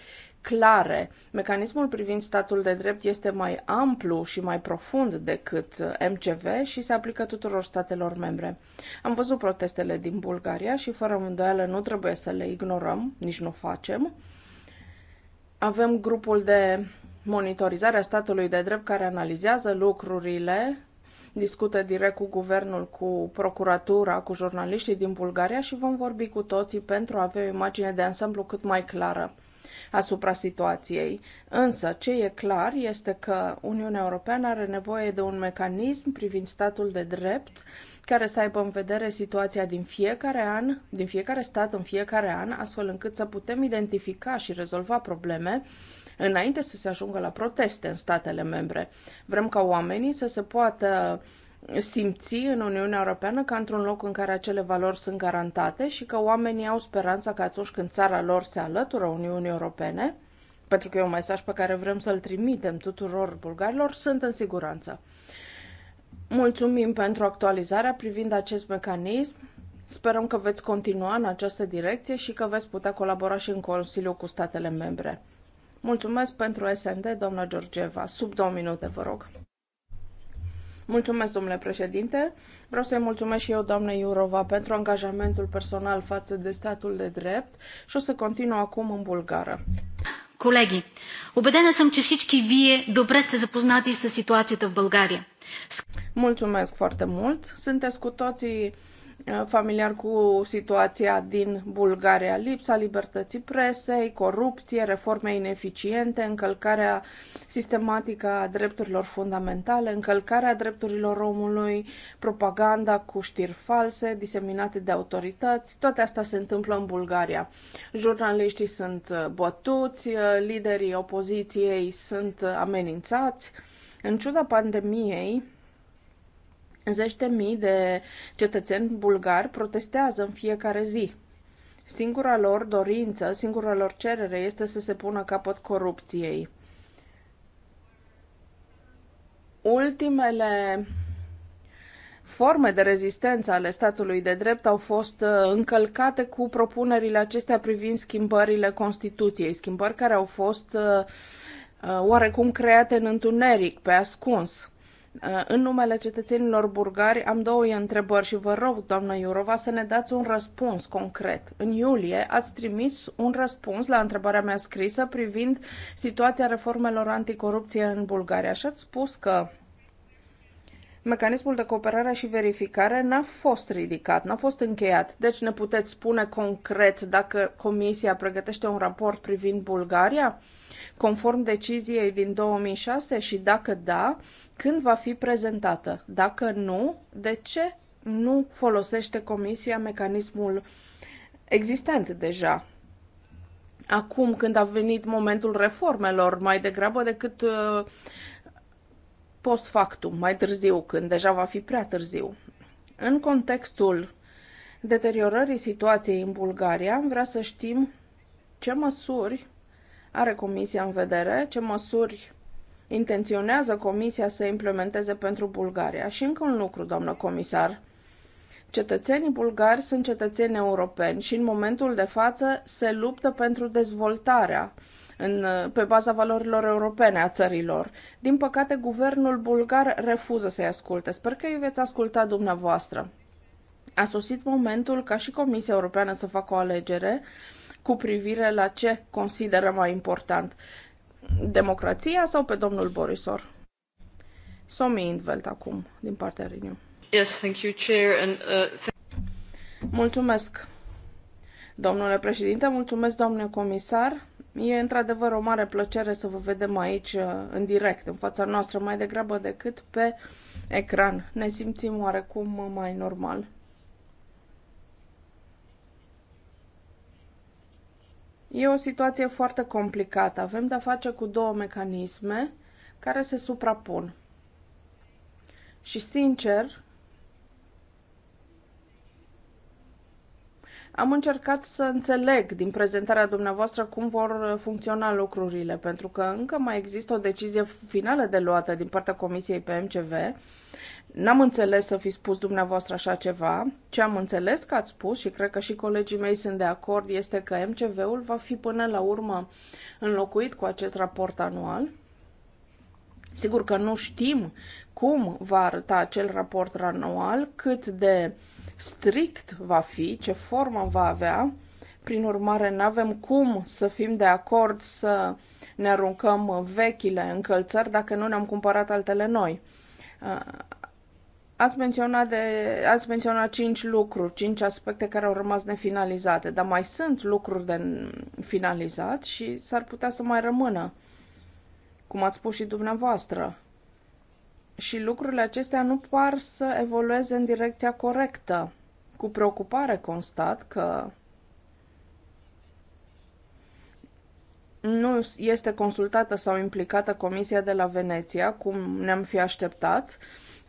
clare. Mecanismul privind statul de drept este mai amplu și mai profund decât MCV și se aplică tuturor statelor membre. Am văzut protestele din Bulgaria și fără îndoială nu trebuie să le ignorăm, nici nu facem. Avem grupul de monitorizare a statului de drept care analizează lucrurile discută direct cu guvernul, cu procuratura, cu jurnaliștii din Bulgaria și vom vorbi cu toții pentru a avea o imagine de ansamblu cât mai clară asupra situației. Însă, ce e clar este că Uniunea Europeană are nevoie de un mecanism privind statul de drept care să aibă în vedere situația din fiecare an, din fiecare stat în fiecare an, astfel încât să putem identifica și rezolva probleme înainte să se ajungă la proteste în statele membre. Vrem ca oamenii să se poată uh, simți în Uniunea Europeană ca într-un loc în care acele valori sunt garantate și că oamenii au speranța că atunci când țara lor se alătură Uniunii Europene, pentru că e un mesaj pe care vrem să-l trimitem tuturor bulgarilor, sunt în siguranță. Mulțumim pentru actualizarea privind acest mecanism. Sperăm că veți continua în această direcție și că veți putea colabora și în Consiliu cu statele membre. Mulțumesc pentru SND, doamna Georgieva. Sub două minute, vă rog. Mulțumesc, domnule președinte. Vreau să-i mulțumesc și eu, doamnă Iurova, pentru angajamentul personal față de statul de drept și o să continu acum în bulgară. Колеги, убедена съм, че всички вие добре сте запознати с ситуацията в България. Mulțumesc foarte mult. Sunteți cu toții Eh, familiar cu situația din Bulgaria, lipsa libertății presei, corupție, reforme ineficiente, încălcarea sistematică a drepturilor fundamentale, încălcarea drepturilor omului, propaganda cu știri false diseminate de autorități, toate astea se întâmplă în Bulgaria. Jurnaliștii sunt eh, bătuți, eh, liderii opoziției sunt amenințați. În ciuda pandemiei, Zeci de mii de cetățeni bulgari protestează în fiecare zi. Singura lor dorință, singura lor cerere este să se pună capăt corupției. Ultimele forme de rezistență ale statului de drept au fost uh, încălcate cu propunerile acestea privind schimbările Constituției, schimbări care au fost uh, uh, oarecum create în întuneric, pe ascuns. Uh, în numele cetățenilor bulgari am două întrebări și vă rog, doamnă Iurova, să ne dați un răspuns concret. În iulie ați trimis un răspuns la întrebarea mea scrisă privind situația reformelor anticorupție în Bulgaria și ați spus că mecanismul de cooperare și verificare n-a fost ridicat, n-a fost încheiat. Deci ne puteți spune concret dacă Comisia pregătește un raport privind Bulgaria? conform deciziei din 2006 și dacă da, când va fi prezentată? Dacă nu, de ce nu folosește Comisia mecanismul existent deja? Acum, când a venit momentul reformelor, mai degrabă decât uh, post factum, mai târziu, când deja va fi prea târziu. În contextul deteriorării situației în Bulgaria, vrea să știm ce măsuri are Comisia în vedere, ce măsuri intenționează Comisia să implementeze pentru Bulgaria. Și încă un lucru, doamnă comisar. Cetățenii bulgari sunt cetățeni europeni și în momentul de față se luptă pentru dezvoltarea în, pe baza valorilor europene a țărilor. Din păcate, guvernul bulgar refuză să-i asculte. Sper că îi veți asculta dumneavoastră. A sosit momentul ca și Comisia Europeană să facă o alegere cu privire la ce consideră mai important, democrația sau pe domnul Borisor? Somi Indveld acum, din partea Riniu. Yes, thank you, Chair, and, uh, th- Mulțumesc, domnule președinte, mulțumesc, domnule comisar. E într-adevăr o mare plăcere să vă vedem aici uh, în direct, în fața noastră, mai degrabă decât pe ecran. Ne simțim oarecum mai normal. E o situație foarte complicată. Avem de-a face cu două mecanisme care se suprapun. Și sincer, Am încercat să înțeleg din prezentarea dumneavoastră cum vor funcționa lucrurile, pentru că încă mai există o decizie finală de luată din partea Comisiei PMCV N-am înțeles să fi spus dumneavoastră așa ceva. Ce am înțeles că ați spus și cred că și colegii mei sunt de acord este că MCV-ul va fi până la urmă înlocuit cu acest raport anual. Sigur că nu știm cum va arăta acel raport anual, cât de strict va fi, ce formă va avea. Prin urmare, nu avem cum să fim de acord să ne aruncăm vechile încălțări dacă nu ne-am cumpărat altele noi Ați menționat, de, ați menționat cinci lucruri, cinci aspecte care au rămas nefinalizate, dar mai sunt lucruri de finalizat și s-ar putea să mai rămână, cum ați spus și dumneavoastră. Și lucrurile acestea nu par să evolueze în direcția corectă. Cu preocupare constat că nu este consultată sau implicată Comisia de la Veneția, cum ne-am fi așteptat,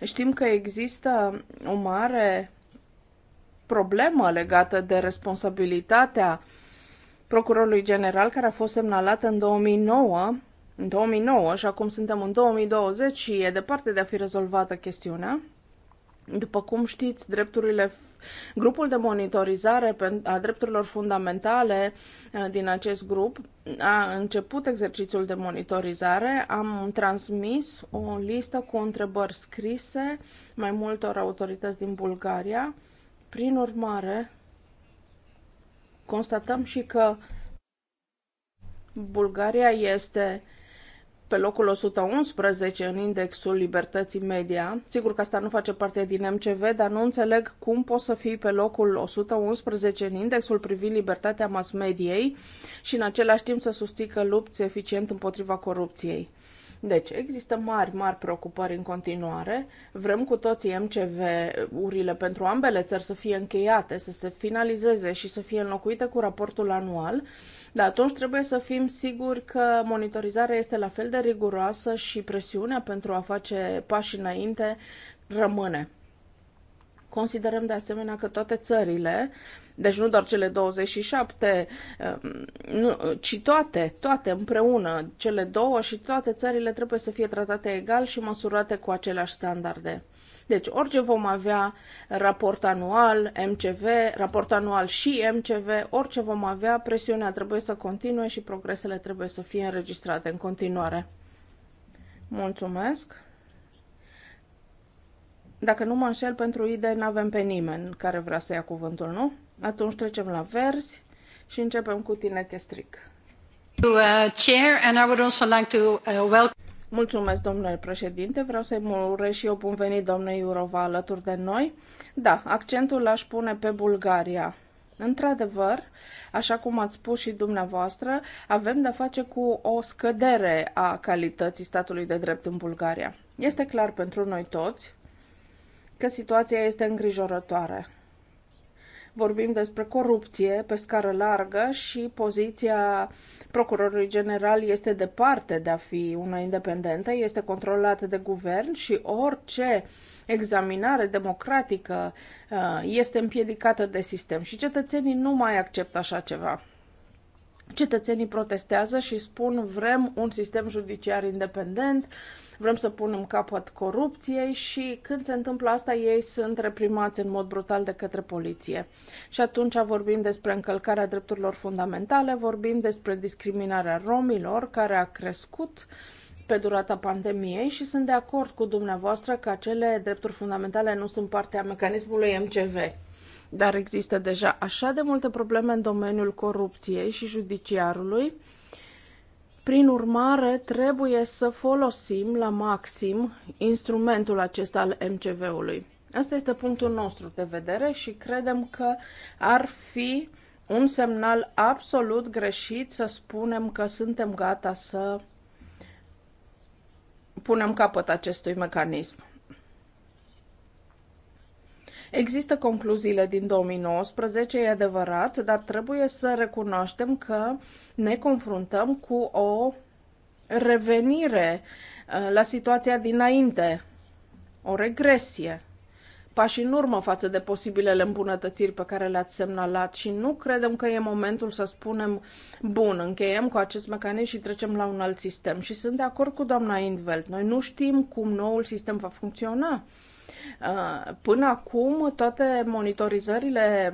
Știm că există o mare problemă legată de responsabilitatea procurorului general care a fost semnalat în 2009, în 2009 și acum suntem în 2020 și e departe de a fi rezolvată chestiunea. După cum știți, drepturile Grupul de monitorizare a drepturilor fundamentale uh, din acest grup a început exercițiul de monitorizare. Am transmis o listă cu întrebări scrise mai multor autorități din Bulgaria. Prin urmare, constatăm și că Bulgaria este pe locul 111 în indexul libertății media. Sigur că asta nu face parte din MCV, dar nu înțeleg cum poți să fii pe locul 111 în indexul privind libertatea mass mediei și în același timp să susții că lupți eficient împotriva corupției. Deci, există mari, mari preocupări în continuare. Vrem cu toții MCV-urile pentru ambele țări să fie încheiate, să se finalizeze și să fie înlocuite cu raportul anual, da, atunci trebuie să fim siguri că monitorizarea este la fel de riguroasă și presiunea pentru a face pași înainte rămâne. Considerăm de asemenea că toate țările, deci nu doar cele 27, um, ci toate, toate împreună, cele două și toate țările trebuie să fie tratate egal și măsurate cu aceleași standarde. Deci orice vom avea, raport anual, MCV, raport anual și MCV, orice vom avea, presiunea trebuie să continue și progresele trebuie să fie înregistrate în continuare. Mulțumesc! Dacă nu mă înșel, pentru idei nu avem pe nimeni care vrea să ia cuvântul, nu? Atunci trecem la verzi și începem cu tine, Chestric. Uh, Chair, and I would also like to uh, welcome Mulțumesc, domnule președinte. Vreau să-i urez și eu bun venit, domnule Iurova, alături de noi. Da, accentul l-aș pune pe Bulgaria. Într-adevăr, așa cum ați spus și dumneavoastră, avem de-a face cu o scădere a calității statului de drept în Bulgaria. Este clar pentru noi toți că situația este îngrijorătoare. Vorbim despre corupție pe scară largă și poziția uh, procurorului general este departe de a fi una independentă, este controlat de guvern și orice examinare democratică uh, este împiedicată de sistem și cetățenii nu mai acceptă așa ceva. Cetățenii protestează și spun vrem un sistem judiciar independent, uh, vrem să punem capăt corupției și când se întâmplă asta ei sunt reprimați în mod brutal de către poliție. Și atunci vorbim despre încălcarea drepturilor fundamentale, vorbim despre discriminarea romilor care a crescut pe durata pandemiei și sunt de acord cu dumneavoastră că acele drepturi fundamentale nu sunt parte a mecanismului MCV. Dar există deja așa de multe probleme în domeniul corupției și judiciarului, prin urmare, trebuie să folosim la maxim instrumentul acesta al MCV-ului. Asta este punctul nostru de vedere și credem că ar fi un semnal absolut greșit să spunem că suntem gata să punem capăt acestui mecanism. Există concluziile din 2019, e adevărat, dar trebuie să recunoaștem că ne confruntăm cu o revenire uh, la situația dinainte, o regresie pași în urmă față de posibilele îmbunătățiri pe care le-ați semnalat și nu credem că e momentul să spunem, bun, încheiem cu acest mecanism și trecem la un alt sistem. Și sunt de acord cu doamna Indveld. Noi nu știm cum noul sistem va funcționa. Uh, până acum, toate monitorizările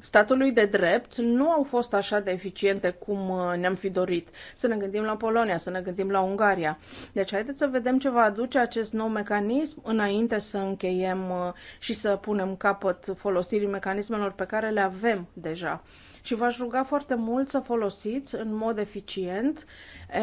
statului de drept nu au fost așa de eficiente cum uh, ne-am fi dorit. Să ne gândim la Polonia, să ne gândim la Ungaria. Deci haideți să vedem ce va aduce acest nou mecanism înainte să încheiem uh, și să punem capăt folosirii mecanismelor pe care le avem deja. Și v-aș ruga foarte mult să folosiți în mod eficient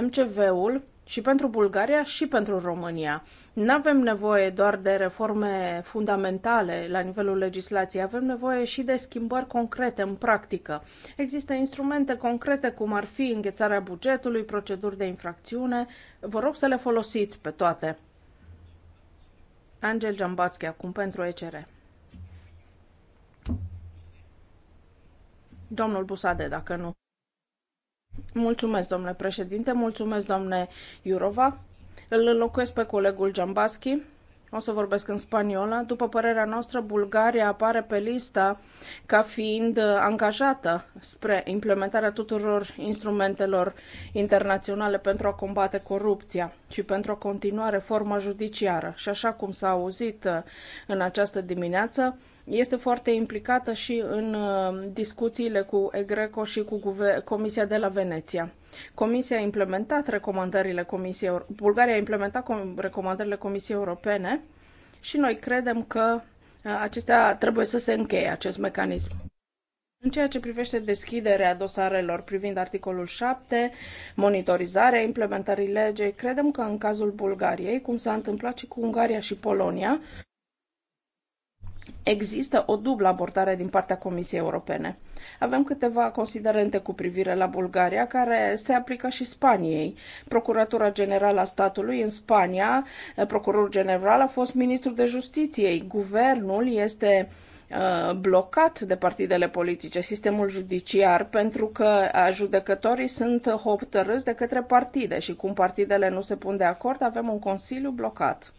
MCV-ul și pentru Bulgaria și pentru România. Nu avem nevoie doar de reforme fundamentale la nivelul legislației, avem nevoie și de schimbări concrete în practică. Există instrumente concrete cum ar fi înghețarea bugetului, proceduri de infracțiune. Vă rog să le folosiți pe toate. Angel Giambațchi acum pentru ECR. Domnul Busade, dacă nu. Mulțumesc, domnule președinte, mulțumesc, domnule Iurova. Îl înlocuiesc pe colegul Giambaschi. O să vorbesc în spaniolă. După părerea noastră, Bulgaria apare pe lista ca fiind angajată spre implementarea tuturor instrumentelor internaționale pentru a combate corupția și pentru a continua reforma judiciară. Și așa cum s-a auzit în această dimineață, este foarte implicată și în uh, discuțiile cu EGRECO și cu Comisia de la Veneția. Comisia a implementat recomandările Comisiei Bulgaria a implementat recomandările Comisiei Europene și noi credem că uh, acestea trebuie să se încheie acest mecanism. În ceea ce privește deschiderea dosarelor privind articolul 7, monitorizarea implementării legei, credem că în cazul Bulgariei, cum s-a întâmplat și cu Ungaria și Polonia, Există o dublă abordare din partea Comisiei Europene. Avem câteva considerente cu privire la Bulgaria, care se aplică și Spaniei. Procuratura Generală a statului în Spania, eh, procurorul general a fost ministrul de Justiție. Guvernul este eh, blocat de partidele politice, sistemul judiciar, pentru că eh, judecătorii sunt hotărâți de către partide și cum partidele nu se pun de acord, avem un consiliu blocat.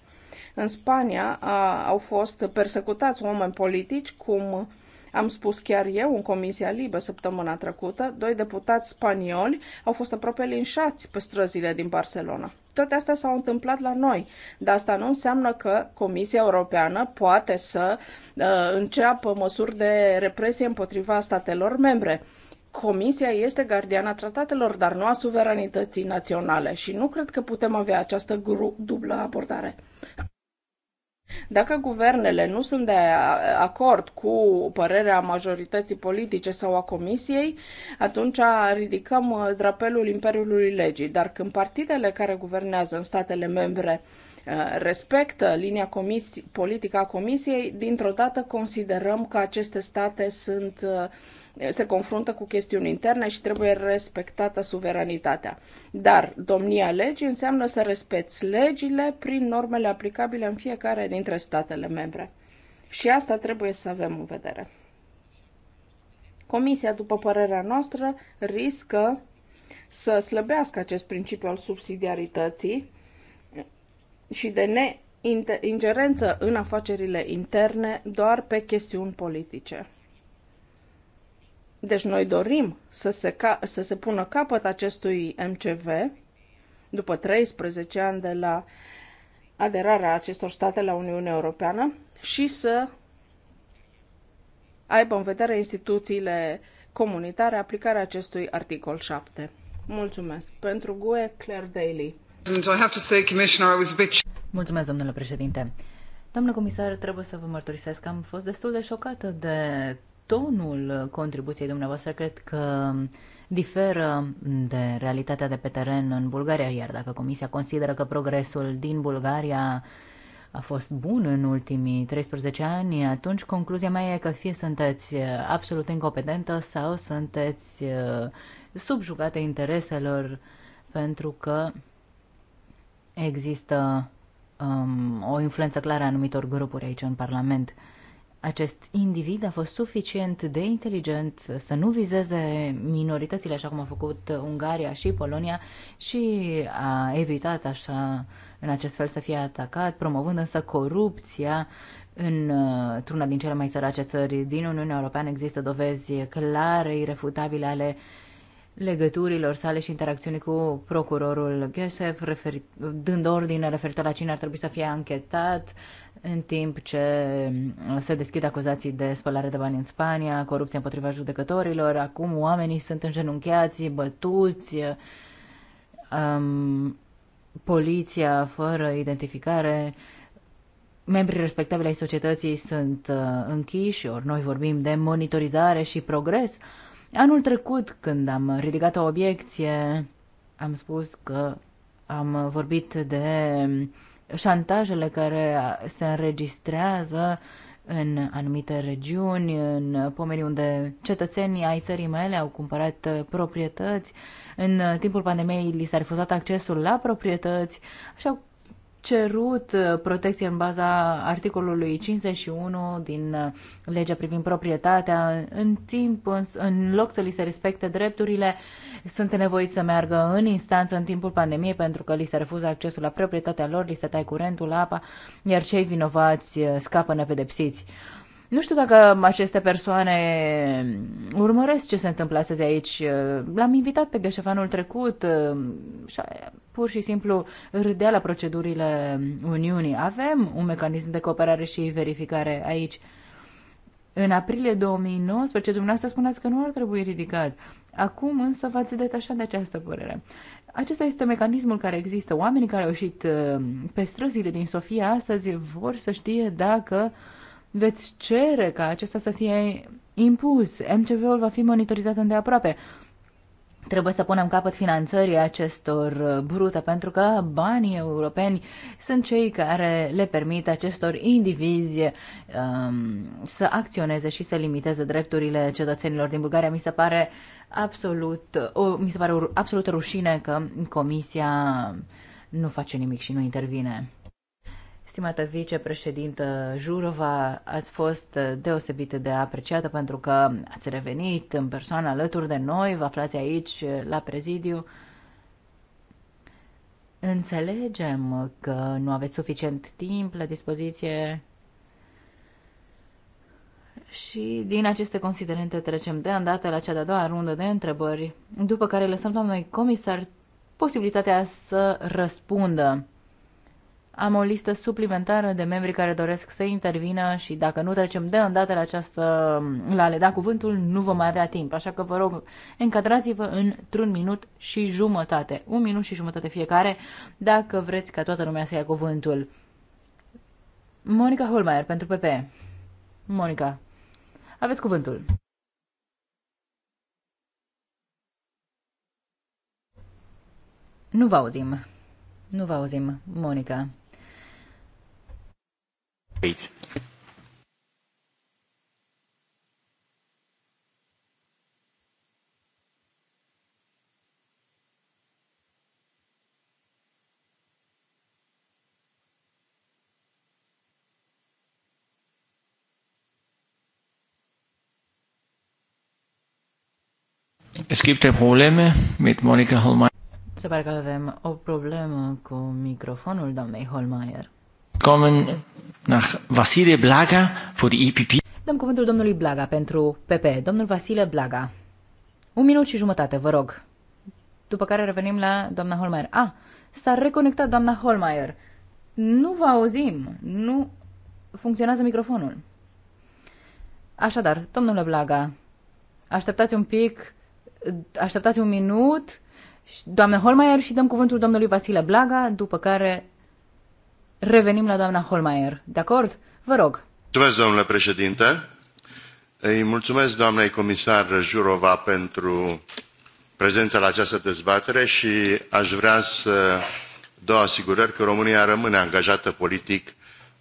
În Spania a, au fost persecutați oameni politici, cum am spus chiar eu în Comisia Libă săptămâna trecută, doi deputați spanioli au fost aproape linșați pe străzile din Barcelona. Toate astea s-au întâmplat la noi, dar asta nu înseamnă că Comisia Europeană poate să uh, înceapă măsuri de represie împotriva statelor membre. Comisia este gardiana tratatelor, dar nu a suveranității naționale și nu cred că putem avea această gru- dublă abordare. Dacă guvernele nu sunt de acord cu părerea majorității politice sau a comisiei, atunci ridicăm uh, drapelul Imperiului Legii. Dar când partidele care guvernează în statele membre uh, respectă linia politică a comisiei, dintr-o dată considerăm că aceste state sunt uh, se confruntă cu chestiuni interne și trebuie respectată suveranitatea. Dar domnia legii înseamnă să respecti legile prin normele aplicabile în fiecare dintre statele membre. Și asta trebuie să avem în vedere. Comisia, după părerea noastră, riscă să slăbească acest principiu al subsidiarității și de ne ingerență în afacerile interne doar pe chestiuni politice. Deci noi dorim să se, ca- să se pună capăt acestui MCV după 13 ani de la aderarea acestor state la Uniunea Europeană și să aibă în vedere instituțiile comunitare aplicarea acestui articol 7. Mulțumesc. Pentru GUE, Claire Daly. Mulțumesc, domnule președinte. Doamnă comisar, trebuie să vă mărturisesc că am fost destul de șocată de tonul contribuției dumneavoastră cred că diferă de realitatea de pe teren în Bulgaria, iar dacă Comisia consideră că progresul din Bulgaria a fost bun în ultimii 13 ani, atunci concluzia mea e că fie sunteți absolut incompetentă sau sunteți uh, subjugate intereselor pentru că există um, o influență clară a anumitor grupuri aici în Parlament acest individ a fost suficient de inteligent să nu vizeze minoritățile așa cum a făcut Ungaria și Polonia și a evitat așa în acest fel să fie atacat, promovând însă corupția în una din cele mai sărace țări din Uniunea Europeană. Există dovezi clare, irefutabile ale legăturilor sale și interacțiunii cu procurorul Ghesef, referi, dând ordine referitor la cine ar trebui să fie anchetat, în timp ce uh, se deschid acuzații de spălare de bani în Spania, corupție împotriva judecătorilor, acum oamenii sunt îngenunchiați, bătuți, um, poliția fără identificare, membrii respectabili ai societății sunt uh, închiși, ori noi vorbim de monitorizare și progres, uh, Anul trecut, când am ridicat o obiecție, am spus că am vorbit de șantajele care se înregistrează în anumite regiuni, în pomenii unde cetățenii ai țării mele au cumpărat proprietăți. În timpul pandemiei li s-a refuzat accesul la proprietăți, așa cerut uh, protecție în baza articolului 51 din uh, legea privind proprietatea. În timp, în loc să li se respecte drepturile, sunt nevoiți să meargă în instanță în timpul pandemiei pentru că li se refuză accesul la proprietatea lor, li se tai curentul, apa, iar cei vinovați uh, scapă nepedepsiți. Nu știu dacă aceste persoane urmăresc ce se întâmplă astăzi aici. L-am invitat pe Gășefanul trecut uh, și pur și simplu râdea la procedurile Uniunii. Avem un mecanism de cooperare și verificare aici. În aprilie 2019, dumneavoastră spuneați că nu ar trebui ridicat. Acum însă v-ați detașat de această părere. Acesta este mecanismul care există. Oamenii care au ieșit uh, pe străzile din Sofia astăzi vor să știe dacă uh, veți cere ca acesta să fie impus. MCV-ul va fi monitorizat îndeaproape. Trebuie să punem capăt finanțării acestor uh, brute, pentru că banii europeni sunt cei care le permit acestor indivizi um, să acționeze și să limiteze drepturile cetățenilor din Bulgaria. Mi se pare absolut, o, mi se pare absolut rușine că Comisia nu face nimic și nu intervine. Stimată vicepreședintă Jurova, ați fost deosebit de apreciată pentru că ați revenit în persoană alături de noi, vă aflați aici la prezidiu. Înțelegem că nu aveți suficient timp la dispoziție și din aceste considerente trecem de îndată la cea de-a doua rundă de întrebări, după care lăsăm doamnei comisar posibilitatea să răspundă am o listă suplimentară de membri care doresc să intervină și dacă nu trecem de îndată la, această, la le da cuvântul, nu vom mai avea timp. Așa că vă rog, încadrați-vă într-un minut și jumătate. Un minut și jumătate fiecare, dacă vreți ca toată lumea să ia cuvântul. Monica Holmeier pentru PP. Monica, aveți cuvântul. Nu vă auzim. Nu vă auzim, Monica aici. Es gibt Probleme mit Monica Holmeier. Se pare că avem o problemă cu microfonul doamnei Holmeier kommen nach Vasile Blaga für die EPP. Dăm cuvântul domnului Blaga pentru PP. Domnul Vasile Blaga. Un minut și jumătate, vă rog. După care revenim la doamna Holmeier. A, ah, s-a reconectat doamna Holmeier. Nu vă auzim. Nu funcționează microfonul. Așadar, domnule Blaga, așteptați un pic, așteptați un minut, doamna Holmeier și dăm cuvântul domnului Vasile Blaga, după care revenim la doamna Holmeier. De acord? Vă rog. Mulțumesc, domnule președinte. Îi mulțumesc doamnei comisar Jurova pentru prezența la această dezbatere și aș vrea să dau asigurări că România rămâne angajată politic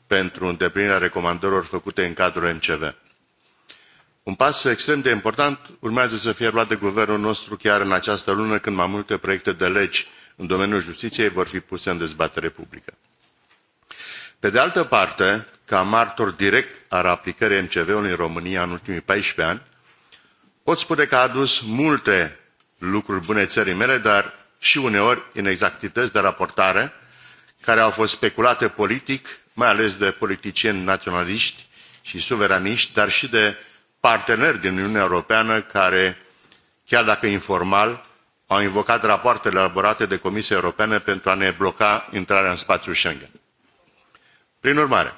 pentru îndeplinirea recomandărilor făcute în cadrul MCV. Un pas extrem de important urmează să fie luat de guvernul nostru chiar în această lună, când mai multe proiecte de legi în domeniul justiției vor fi puse în dezbatere publică. Pe de altă parte, ca martor direct al aplicării MCV-ului în România în ultimii 14 ani, pot spune că a adus multe lucruri bune țării mele, dar și uneori inexactități de raportare care au fost speculate politic, mai ales de politicieni naționaliști și suveraniști, dar și de parteneri din Uniunea Europeană care, chiar dacă informal, au invocat rapoartele elaborate de Comisia Europeană pentru a ne bloca intrarea în spațiul Schengen. Prin urmare,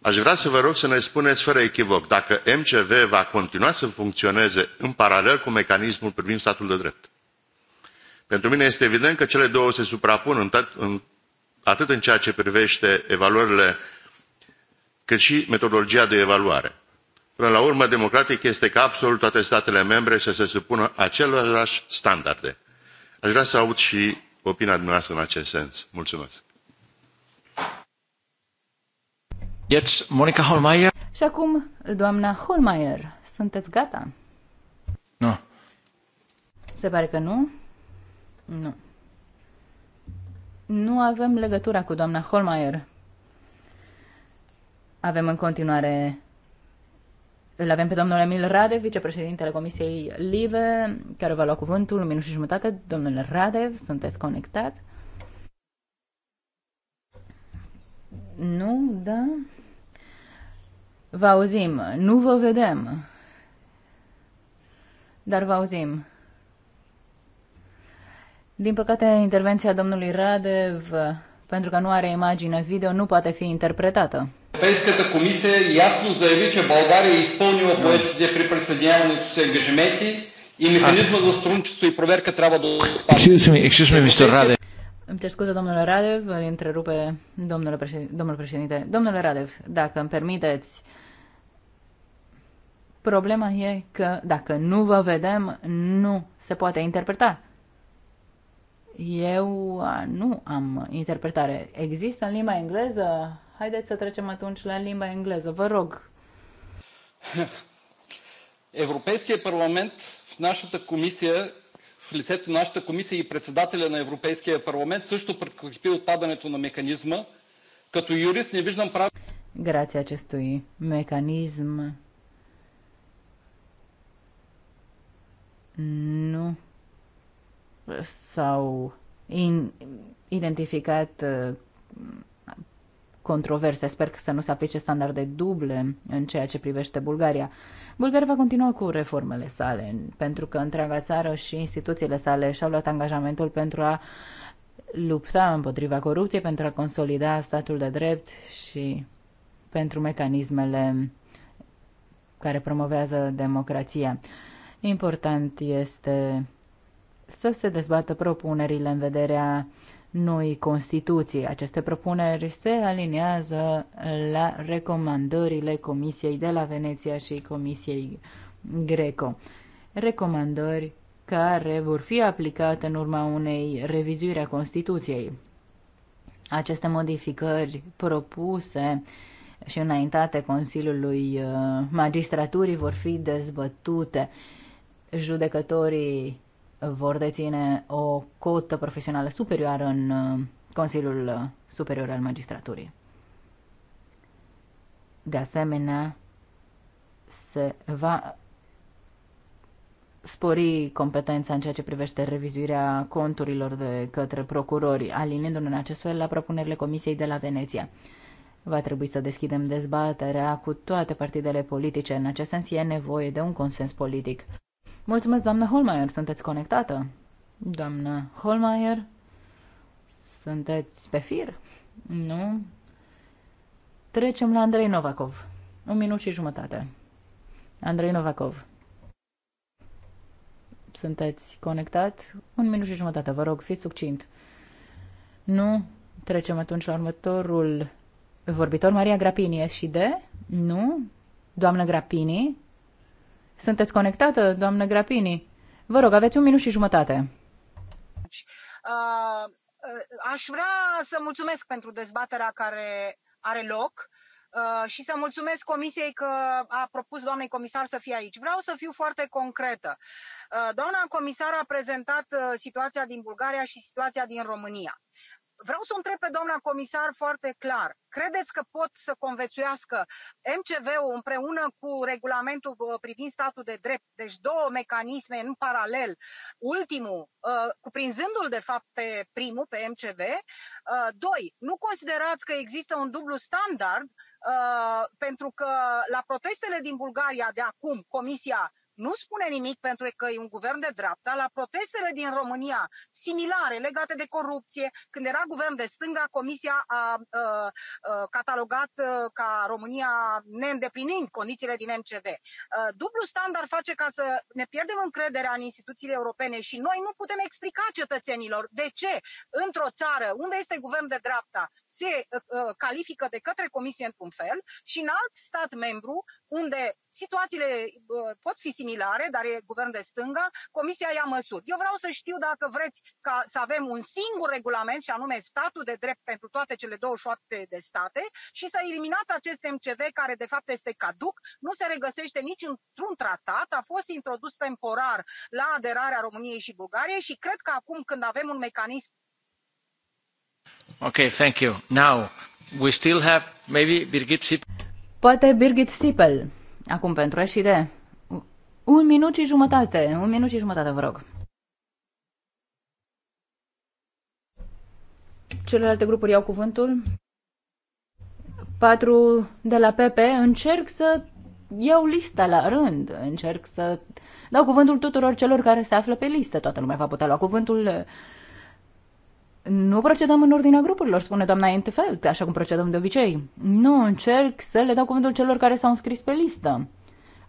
aș vrea să vă rog să ne spuneți fără echivoc dacă MCV va continua să funcționeze în paralel cu mecanismul privind statul de drept. Pentru mine este evident că cele două se suprapun în în, atât în ceea ce privește evaluările, cât și metodologia de evaluare. Până la urmă, democratic este ca absolut toate statele membre să se supună acelorași standarde. Aș vrea să aud și opinia dumneavoastră în acest sens. Mulțumesc. Jetzt Monica Holmeier. Și acum, doamna Holmeier, sunteți gata? Nu. No. Se pare că nu? Nu. Nu avem legătura cu doamna Holmeier. Avem în continuare... Îl avem pe domnul Emil Radev, vicepreședintele Comisiei Live, care va lua cuvântul, un minut și jumătate. Domnule Radev, sunteți conectat? Nu, da. Vă auzim. Nu vă vedem. Dar vă auzim. Din păcate, intervenția domnului Radev, pentru că nu are imagine video, nu poate fi интерпретată. Европейската комисия ясно заяви, че България е изпълнила поетите при присъединяването си ангажименти и механизма за сътрудничество и проверка трябва да отпадне. Excuse me, excuse me, Mr. Rade. Îmi cer scuze, domnule Radev, îl întrerupe domnule președinte, domnul președinte. Domnule Radev, dacă îmi permiteți, problema e că dacă nu vă vedem, nu se poate interpreta. Eu nu am interpretare. Există în limba engleză? Haideți să trecem atunci la limba engleză, vă rog. Европейския парламент, нашата комисия в лицето на нашата комисия и председателя на Европейския парламент също подкрепи отпадането на механизма. Като юрист не виждам прав... Grație acestui mecanism nu s-au Идентификат... identificat controverse. Sper că să nu se aplice standarde duble în ceea ce privește Bulgaria. Bulgaria va continua cu reformele sale, pentru că întreaga țară și instituțiile sale și-au luat angajamentul pentru a lupta împotriva corupției, pentru a consolida statul de drept și pentru mecanismele care promovează democrația. Important este să se dezbată propunerile în vederea noi Constituții. Aceste propuneri se aliniază la recomandările Comisiei de la Veneția și Comisiei Greco. Recomandări care vor fi aplicate în urma unei revizuiri a Constituției. Aceste modificări propuse și înaintate Consiliului uh, Magistraturii vor fi dezbătute. Judecătorii vor deține o cotă profesională superioară în uh, Consiliul uh, Superior al Magistraturii. De asemenea, se va spori competența în ceea ce privește revizuirea conturilor de către procurori, alinându ne în acest fel la propunerile Comisiei de la Veneția. Va trebui să deschidem dezbaterea cu toate partidele politice. În acest sens e nevoie de un consens politic. Mulțumesc, doamnă Holmeier, sunteți conectată? Doamnă Holmeier, sunteți pe fir? Nu? Trecem la Andrei Novakov. Un minut și jumătate. Andrei Novakov. Sunteți conectat? Un minut și jumătate, vă rog, fiți succint. Nu? Trecem atunci la următorul vorbitor, Maria Grapini, și de? Nu? Doamnă Grapini, sunteți conectată, doamnă Grapini? Vă rog, aveți un minut și jumătate. Uh, uh, aș vrea să mulțumesc pentru dezbaterea care are loc uh, și să mulțumesc comisiei că a propus doamnei comisar să fie aici. Vreau să fiu foarte concretă. Doamna comisar a prezentat situația din Bulgaria și situația din România. Vreau să o întreb pe doamna comisar foarte clar. Credeți că pot să convețuiască MCV-ul împreună cu regulamentul uh, privind statul de drept, deci două mecanisme în paralel, ultimul, uh, cuprinzându-l de fapt pe primul, pe MCV? Uh, doi, nu considerați că există un dublu standard pentru că la protestele din Bulgaria de acum, Comisia nu spune nimic pentru că e un guvern de dreapta, la protestele din România similare legate de corupție, când era guvern de stânga, Comisia a, a, a catalogat a, ca România neîndeplinind condițiile din MCV. A, dublu standard face ca să ne pierdem încrederea în instituțiile europene și noi nu putem explica cetățenilor de ce într-o țară unde este guvern de dreapta se a, a, califică de către Comisie într-un fel și în alt stat membru unde situațiile a, pot fi similare, dar e guvern de stânga, Comisia ia măsuri. Eu vreau să știu dacă vreți ca să avem un singur regulament, și anume statul de drept pentru toate cele 27 de state, și să eliminați acest MCV, care de fapt este caduc, nu se regăsește nici într-un tratat, a fost introdus temporar la aderarea României și Bulgariei și cred că acum când avem un mecanism Okay, thank you. Now, we still have maybe Birgit Sippel. Poate Birgit Sippel. Acum pentru idee. Un minut și jumătate, un minut și jumătate, vă rog. Celelalte grupuri iau cuvântul. Patru de la PP. Încerc să iau lista la rând. Încerc să dau cuvântul tuturor celor care se află pe listă. Toată lumea va putea lua cuvântul. Nu procedăm în ordinea grupurilor, spune doamna Entefeld, așa cum procedăm de obicei. Nu, încerc să le dau cuvântul celor care s-au înscris pe listă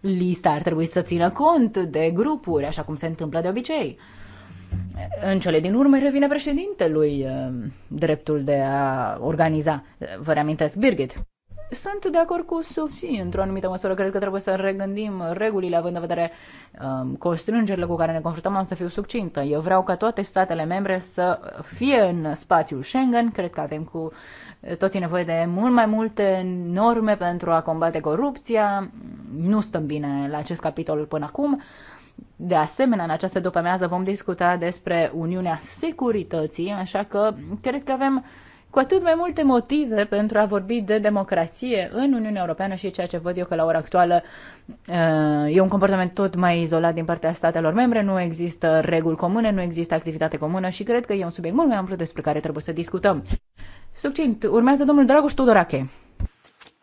lista ar trebui să țină cont de grupuri, așa cum se întâmplă de obicei. În cele din urmă revine președintelui eh, dreptul de a organiza. Vă reamintesc, Birgit. Sunt de acord cu Sofie, într-o anumită măsură. Cred că trebuie să regândim regulile, având în vedere um, constrângerile cu care ne confruntăm, am să fiu succintă. Eu vreau ca toate statele membre să fie în spațiul Schengen. Cred că avem cu uh, toți e nevoie de mult mai multe norme pentru a combate corupția. Nu stăm bine la acest capitol până acum. De asemenea, în această după-amiază vom discuta despre Uniunea Securității, așa că cred că avem cu atât mai multe motive pentru a vorbi de democrație în Uniunea Europeană și ceea ce văd eu că la ora actuală uh, e un comportament tot mai izolat din partea statelor membre, nu există reguli comune, nu există activitate comună și cred că e un subiect mult mai amplu despre care trebuie să discutăm. Succint, urmează domnul Dragoș Tudorache.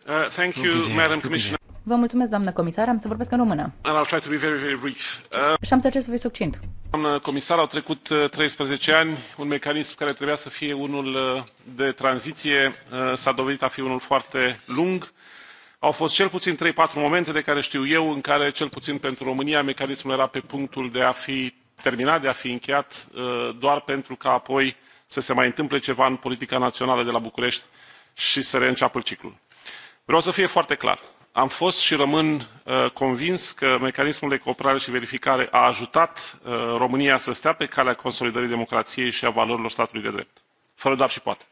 Uh, thank you, Madam Commissioner. Vă mulțumesc, doamnă comisar. Am să vorbesc în română. And I'll try to be very, very brief. Uh, și am să cer să fiu succint. Doamnă comisar, au trecut 13 uh, ani. Un mecanism care trebuia să fie unul uh, de tranziție uh, s-a dovedit a fi unul foarte lung. Au fost cel puțin 3-4 momente de care știu eu în care, cel puțin pentru România, mecanismul era pe punctul de a fi terminat, de a fi încheiat, doar pentru că apoi să se mai întâmple ceva în politica națională de la București și să reînceapă ciclul. Vreau să fie foarte clar. Am fost și rămân uh, convins că mecanismul de cooperare și verificare a ajutat uh, România să stea pe calea consolidării democrației și a valorilor statului de drept. Fără doar și poate.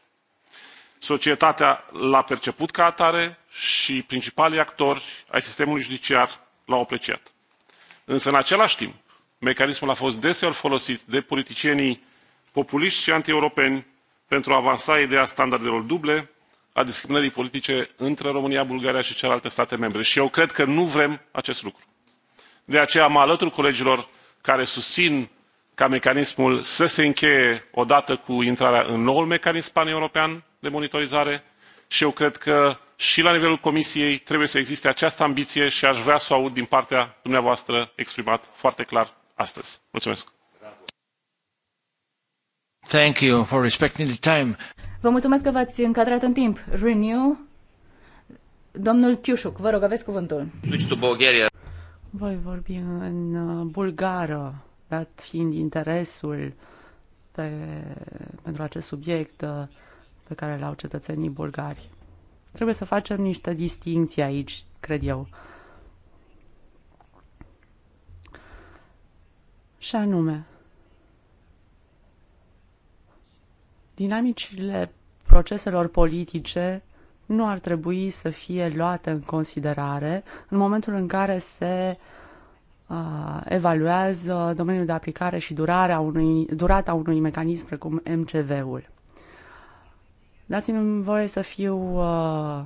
Societatea l-a perceput ca atare și principalii actori ai sistemului judiciar l-au apreciat. Însă, în același timp, mecanismul a fost deseori folosit de politicienii populiști și antieuropeni pentru a avansa ideea standardelor duble, a discriminării politice între România, Bulgaria și celelalte state membre. Și eu cred că nu vrem acest lucru. De aceea mă alătur colegilor care susțin ca mecanismul să se încheie odată cu intrarea în noul mecanism paneuropean de monitorizare și eu cred că și la nivelul Comisiei trebuie să existe această ambiție și aș vrea să o aud din partea dumneavoastră exprimat foarte clar astăzi. Mulțumesc! Thank you for respecting the time. Vă mulțumesc că v-ați încadrat în timp. Renew. Domnul Chiușuc, vă rog, aveți cuvântul. Deci Voi vorbi în uh, bulgară, dat fiind interesul pe, pentru acest subiect uh, pe care l-au cetățenii bulgari. Trebuie să facem niște distinții aici, cred eu. Și anume, Dinamicile proceselor politice nu ar trebui să fie luate în considerare în momentul în care se uh, evaluează domeniul de aplicare și durarea unui, durata unui mecanism precum MCV-ul. Dați-mi voie să fiu uh,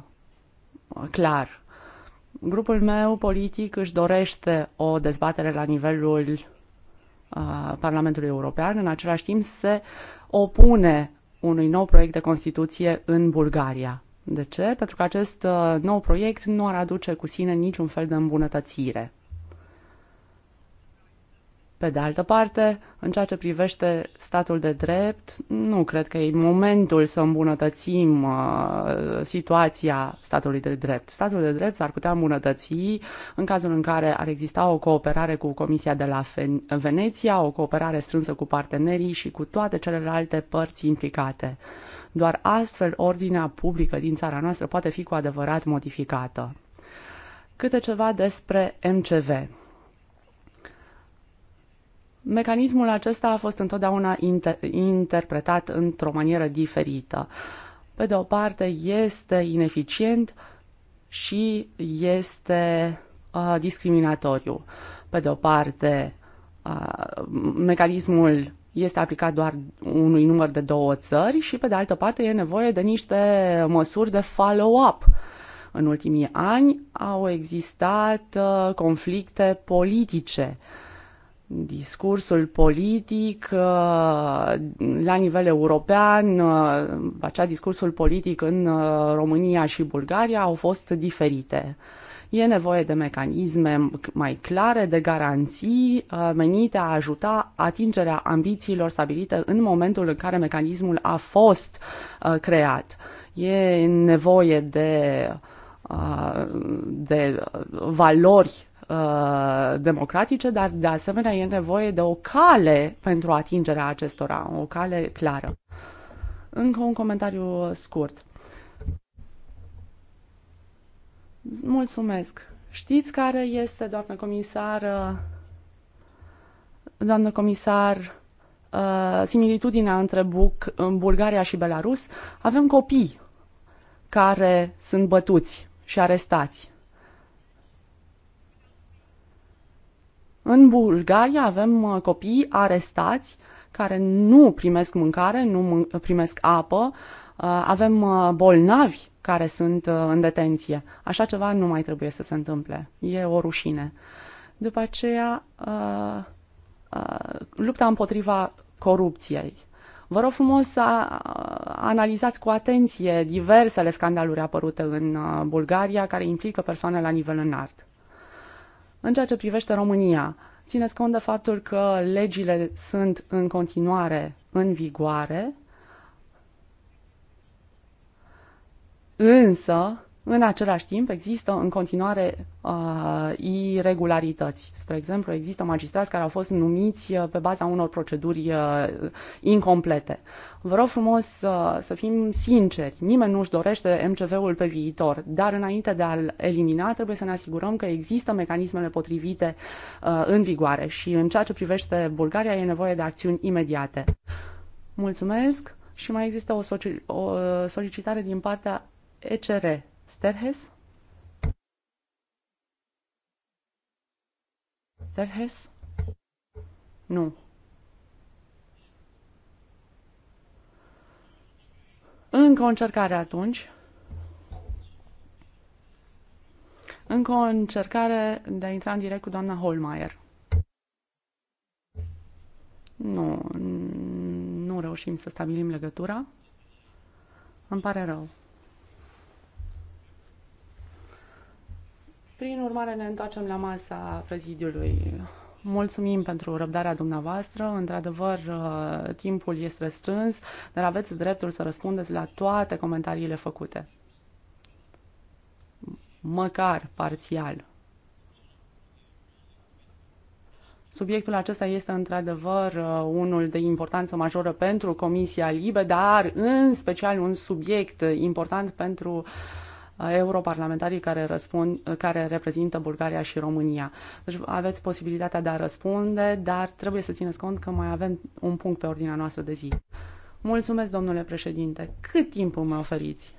clar. Grupul meu politic își dorește o dezbatere la nivelul uh, Parlamentului European, în același timp se opune unui nou proiect de Constituție în Bulgaria. De ce? Pentru că acest uh, nou proiect nu ar aduce cu sine niciun fel de îmbunătățire. Pe de altă parte, în ceea ce privește statul de drept, nu cred că e momentul să îmbunătățim uh, situația statului de drept. Statul de drept s-ar putea îmbunătăți în cazul în care ar exista o cooperare cu Comisia de la Veneția, o cooperare strânsă cu partenerii și cu toate celelalte părți implicate. Doar astfel ordinea publică din țara noastră poate fi cu adevărat modificată. Câte ceva despre MCV mecanismul acesta a fost întotdeauna inter- interpretat într-o manieră diferită. Pe de o parte, este ineficient și este uh, discriminatoriu. Pe de o parte, uh, mecanismul este aplicat doar unui număr de două țări și, pe de altă parte, e nevoie de niște măsuri de follow-up. În ultimii ani au existat uh, conflicte politice uh, discursul politic uh, la nivel european, uh, acea discursul politic în uh, România și Bulgaria au fost diferite. E nevoie de mecanisme mai clare, de garanții menite a ajuta atingerea ambițiilor stabilite în momentul în care mecanismul a fost creat. E nevoie de, de valori Uh, democratice, dar de asemenea e nevoie de o cale pentru atingerea acestora, o cale clară. Încă un comentariu scurt. Mulțumesc. Știți care este, doamnă comisar, doamnă comisar, uh, similitudinea între Buc, în Bulgaria și Belarus? Avem copii care sunt bătuți și arestați. În Bulgaria avem uh, copii arestați care nu primesc mâncare, nu primesc apă, uh, avem uh, bolnavi care sunt în detenție. Așa ceva nu mai trebuie să se întâmple. E o rușine. După aceea, lupta împotriva corupției. Vă rog frumos să analizați cu atenție diversele scandaluri apărute în Bulgaria care implică persoane la nivel înalt. În ceea ce privește România, țineți cont de faptul că legile sunt în continuare în vigoare, însă în același timp, există în continuare uh, irregularități. Spre exemplu, există magistrați care au fost numiți uh, pe baza unor proceduri uh, incomplete. Vă rog frumos uh, să fim sinceri. Nimeni nu-și dorește MCV-ul pe viitor, dar înainte de a-l elimina, trebuie să ne asigurăm că există mecanismele potrivite uh, în vigoare și în ceea ce privește Bulgaria e nevoie de acțiuni imediate. Mulțumesc și mai există o, o uh, solicitare din partea ECR. Sterhes? Sterhes? Nu. Încă o încercare atunci. Încă o încercare de a intra în direct cu doamna Holmeier. Nu, nu reușim să stabilim legătura. Îmi pare rău. Prin urmare, ne întoarcem la masa prezidiului. Mulțumim pentru răbdarea dumneavoastră. Într-adevăr, uh, timpul este restrâns, dar aveți dreptul să răspundeți la toate comentariile făcute. Măcar parțial. Subiectul acesta este într-adevăr uh, unul de importanță majoră pentru Comisia Libe, dar în special un subiect important pentru uh, europarlamentarii care, răspund, care reprezintă Bulgaria și România. Deci aveți posibilitatea de a răspunde, dar trebuie să țineți cont că mai avem un punct pe ordinea noastră de zi. Mulțumesc, domnule președinte. Cât timp îmi oferiți?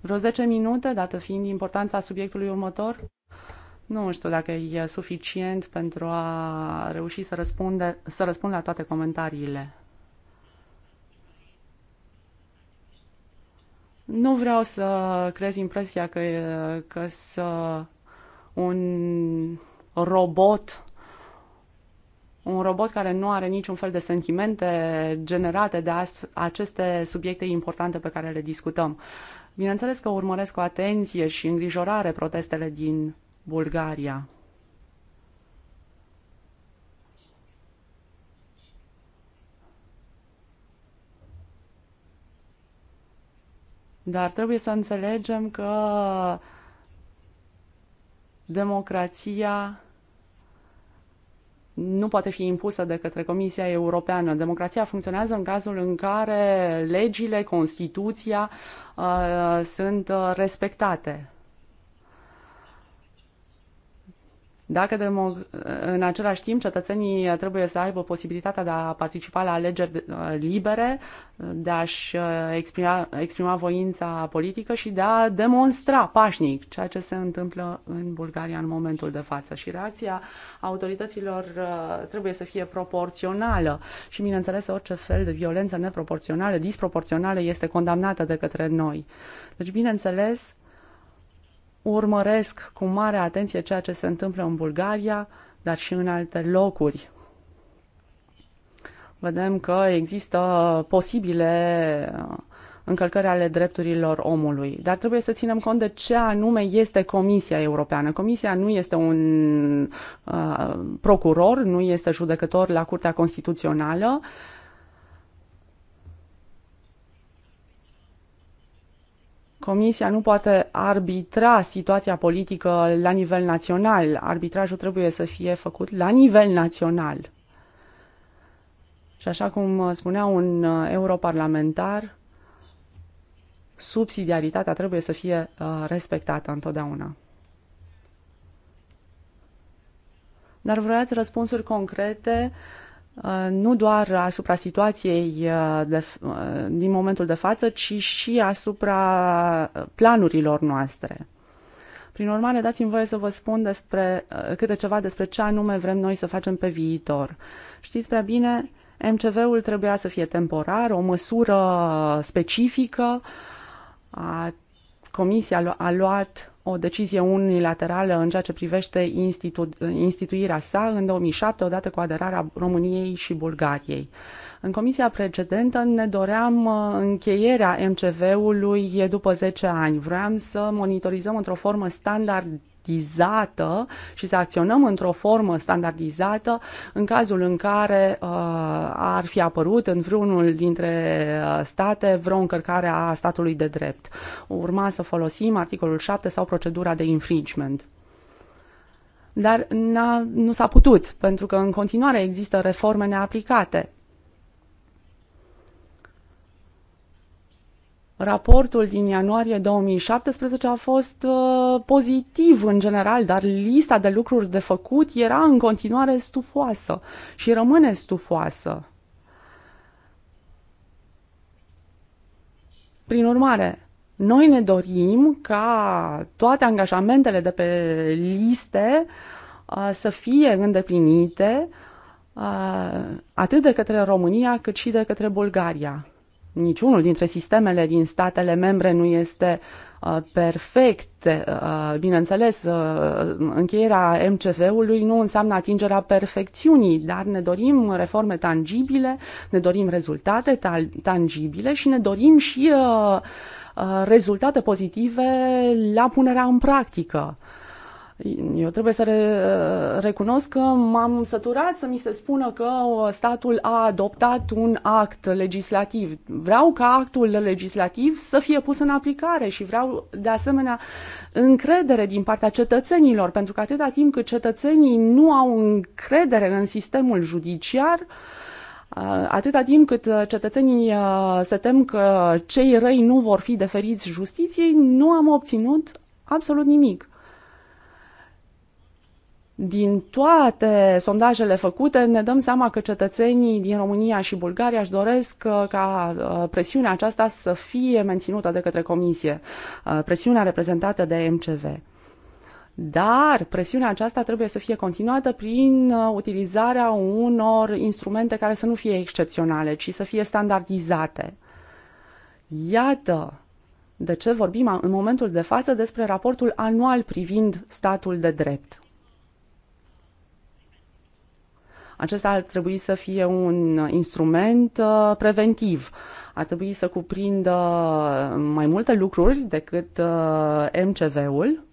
Vreo 10 minute, dată fiind importanța subiectului următor? Nu știu dacă e suficient pentru a reuși să, răspunde, să răspund la toate comentariile. Nu vreau să creez impresia că, că să un robot un robot care nu are niciun fel de sentimente generate de aceste subiecte importante pe care le discutăm. Bineînțeles că urmăresc cu atenție și îngrijorare protestele din Bulgaria. Dar trebuie să înțelegem că democrația nu poate fi impusă de către Comisia Europeană. Democrația funcționează în cazul în care legile, Constituția uh, sunt uh, respectate. Dacă de, în același timp cetățenii trebuie să aibă posibilitatea de a participa la alegeri uh, libere, de a-și uh, exprima, exprima voința politică și de a demonstra pașnic ceea ce se întâmplă în Bulgaria în momentul de față. Și reacția autorităților uh, trebuie să fie proporțională și, bineînțeles, orice fel de violență neproporțională, disproporțională este condamnată de către noi. Deci, bineînțeles, urmăresc cu mare atenție ceea ce se întâmplă în Bulgaria, dar și în alte locuri. Vedem că există posibile uh, încălcări ale drepturilor omului. Dar trebuie să ținem cont de ce anume este Comisia Europeană. Comisia nu este un uh, procuror, nu este judecător la Curtea Constituțională. Uh, Comisia nu poate arbitra situația politică la nivel național. Arbitrajul trebuie să fie făcut la nivel național. Și așa cum spunea un uh, europarlamentar, subsidiaritatea trebuie să fie uh, respectată întotdeauna. Dar vreau răspunsuri concrete Uh, nu doar asupra situației uh, de, uh, din momentul de față, ci și asupra planurilor noastre. Prin urmare, dați-mi voie să vă spun despre, câte ceva despre ce anume vrem noi să facem pe viitor. Știți prea bine, MCV-ul trebuia să fie temporar, o măsură specifică. A, comisia a luat o decizie unilaterală în ceea ce privește institu- instituirea sa în 2007, odată cu aderarea României și Bulgariei. În comisia precedentă ne doream uh, încheierea MCV-ului după 10 ani. Vroiam să monitorizăm într-o formă standard standardizată și să acționăm într-o formă standardizată în cazul în care uh, ar fi apărut în vreunul dintre uh, state vreo încărcare a statului de drept. Urma să folosim articolul 7 sau procedura de infringement dar nu s-a putut, pentru că în continuare există reforme neaplicate. Raportul din ianuarie 2017 a fost uh, pozitiv în general, dar lista de lucruri de făcut era în continuare stufoasă și rămâne stufoasă. Prin urmare, noi ne dorim ca toate angajamentele de pe liste uh, să fie îndeplinite uh, atât de către România cât și de către Bulgaria niciunul dintre sistemele din statele membre nu este uh, perfect. Uh, bineînțeles, uh, încheierea MCV-ului nu înseamnă atingerea perfecțiunii, dar ne dorim reforme tangibile, ne dorim rezultate tangibile și ne dorim și rezultate pozitive la punerea în practică. Eu trebuie să re- uh, recunosc că m-am săturat să mi se spună că uh, statul a adoptat un act legislativ. Vreau ca actul legislativ să fie pus în aplicare și vreau de asemenea încredere din partea cetățenilor, pentru că atâta timp cât cetățenii nu au încredere în sistemul judiciar, uh, Atâta timp cât cetățenii se tem că cei răi nu vor fi deferiți justiției, nu am obținut absolut nimic. Din toate sondajele făcute, ne dăm seama că cetățenii din România și Bulgaria își doresc uh, ca uh, presiunea aceasta să fie menținută de către Comisie, uh, presiunea reprezentată de MCV. Dar presiunea aceasta trebuie să fie continuată prin utilizarea unor instrumente care să nu fie excepționale, ci să fie standardizate. Iată de ce vorbim în momentul de față despre raportul anual privind statul de drept. Acesta ar trebui să fie un instrument uh, preventiv. Ar trebui să cuprindă mai multe lucruri decât uh, MCV-ul.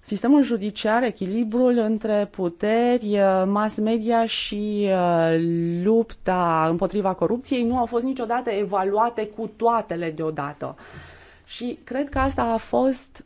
Sistemul judiciar, echilibrul între puteri, uh, mass media și lupta împotriva corupției nu au fost niciodată evaluate cu toatele deodată. Și cred că asta a fost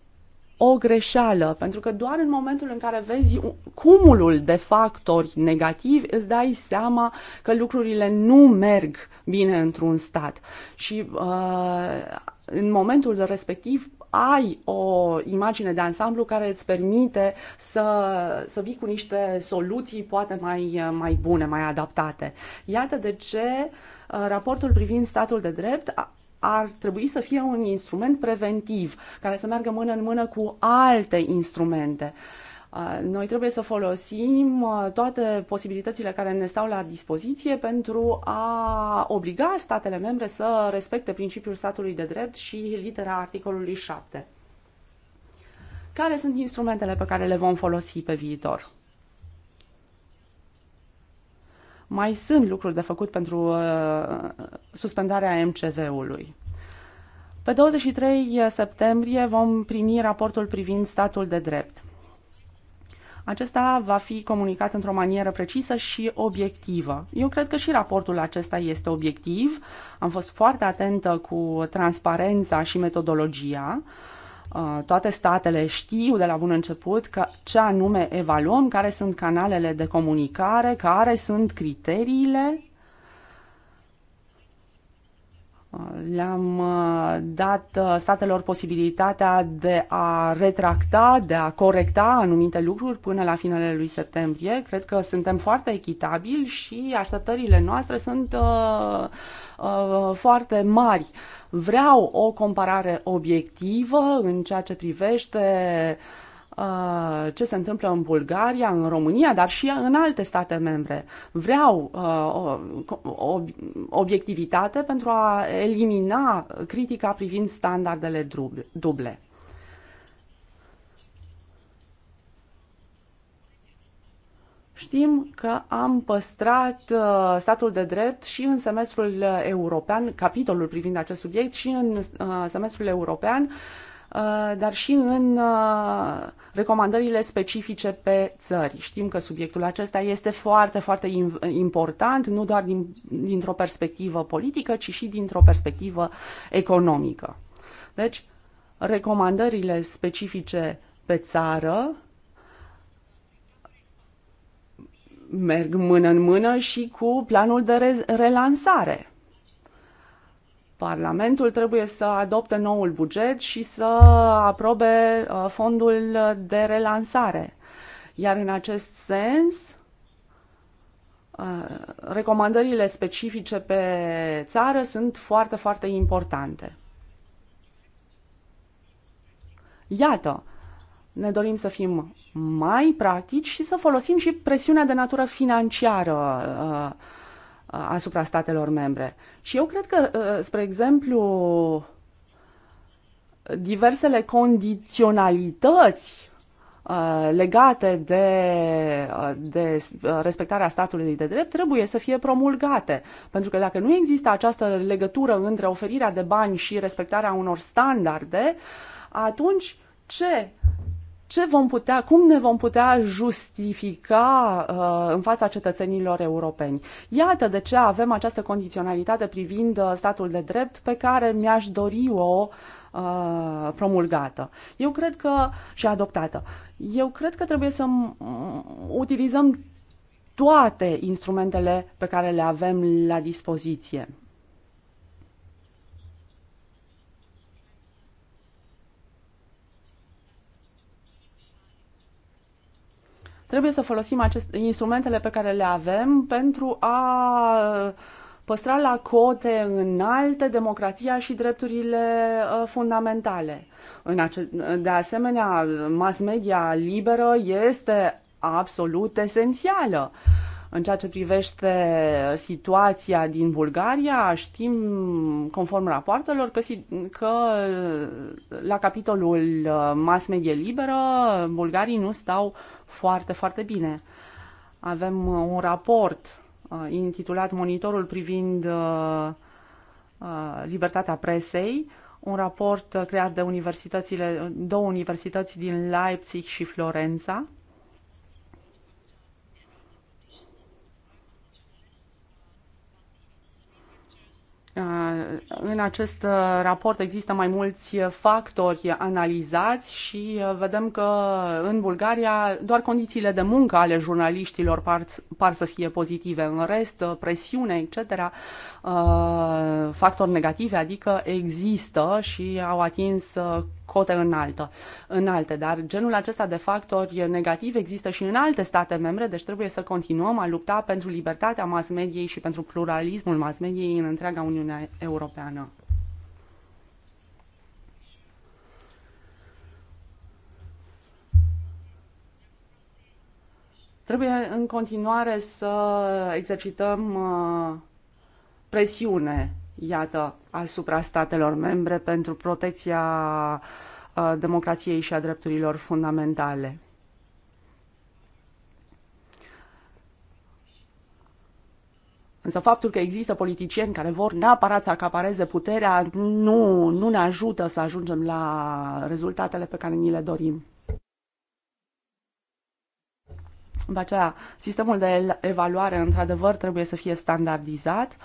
o greșeală, pentru că doar în momentul în care vezi cumulul de factori negativi, îți dai seama că lucrurile nu merg bine într-un stat. Și uh, în momentul respectiv ai o imagine de ansamblu care îți permite să, să vii cu niște soluții poate mai, mai bune, mai adaptate. Iată de ce uh, raportul privind statul de drept ar trebui să fie un instrument preventiv, care să meargă mână în mână cu alte instrumente. Uh, noi trebuie să folosim uh, toate posibilitățile care ne stau la dispoziție pentru a obliga statele membre să respecte principiul statului de drept și litera articolului 7. Care sunt instrumentele pe care le vom folosi pe viitor? mai sunt lucruri de făcut pentru uh, suspendarea MCV-ului. Pe 23 uh, septembrie vom primi raportul privind statul de drept. Acesta va fi comunicat într-o manieră precisă și obiectivă. Eu cred că și raportul acesta este obiectiv. Am fost foarte atentă cu transparența și metodologia. Uh, Uh, toate statele știu de la bun început că ce anume evaluăm, care sunt canalele de comunicare, care sunt criteriile Le-am uh, dat uh, statelor posibilitatea de a retracta, de a corecta anumite lucruri până la finele lui septembrie. Cred că suntem foarte echitabili și așteptările noastre sunt uh, uh, foarte mari. Vreau o comparare obiectivă în ceea ce privește uh, Uh, ce se întâmplă în Bulgaria, în România, dar și în alte state membre. Vreau uh, obiectivitate pentru a elimina critica privind standardele duble. Știm că am păstrat uh, statul de drept și în semestrul european, capitolul privind acest subiect, și în semestrul european uh, Uh, dar și în uh, recomandările specifice pe țări. Știm că subiectul acesta este foarte, foarte important, nu doar din, dintr-o perspectivă politică, ci și dintr-o perspectivă economică. Deci, recomandările specifice pe țară merg mână în mână și cu planul de relansare. Parlamentul trebuie să adopte noul buget și să aprobe uh, fondul de relansare. Iar în acest sens, uh, recomandările specifice pe țară sunt foarte, foarte importante. Iată, ne dorim să fim mai practici și să folosim și presiunea de natură financiară uh, Uh, asupra statelor membre. Și eu cred că, uh, spre exemplu, diversele condiționalități uh, legate de, de respectarea statului de drept trebuie să fie promulgate. Pentru că dacă nu există această legătură între oferirea de bani și respectarea unor standarde, atunci ce ce vom putea, cum ne vom putea justifica uh, în fața cetățenilor europeni. Iată de ce avem această condiționalitate privind uh, statul de drept pe care mi-aș dori o uh, promulgată. Eu cred că și adoptată. Eu cred că trebuie să mm, utilizăm toate instrumentele pe care le avem la dispoziție. Trebuie să folosim acest, instrumentele pe care le avem pentru a păstra la cote înalte democrația și drepturile uh, fundamentale. În ace- de asemenea, mass media liberă este absolut esențială. În ceea ce privește situația din Bulgaria, știm, conform rapoartelor, că, că la capitolul uh, mass media liberă, bulgarii nu stau uh, foarte, foarte bine. Avem uh, un raport uh, intitulat Monitorul privind uh, libertatea presei, un raport creat de universitățile, două universități din Leipzig și Florența, Uh, în acest uh, raport există mai mulți uh, factori analizați și vedem că în Bulgaria doar condițiile de muncă ale jurnaliștilor par, par să fie pozitive. În rest, presiune, etc., factori negative, adică există și au atins cote înaltă, înalte, dar genul acesta de factori negativ există și în alte state membre, deci trebuie să continuăm a lupta pentru libertatea mass mediei și pentru pluralismul mass mediei în întreaga Uniune Europeană. Trebuie în continuare să exercităm uh, presiune iată, asupra statelor membre pentru protecția uh, democrației și a drepturilor fundamentale. Însă faptul că există politicieni care vor neapărat să acapareze puterea nu, nu ne ajută să ajungem la rezultatele pe care ni le dorim. După aceea, sistemul de evaluare, într-adevăr, trebuie să fie standardizat. Uh,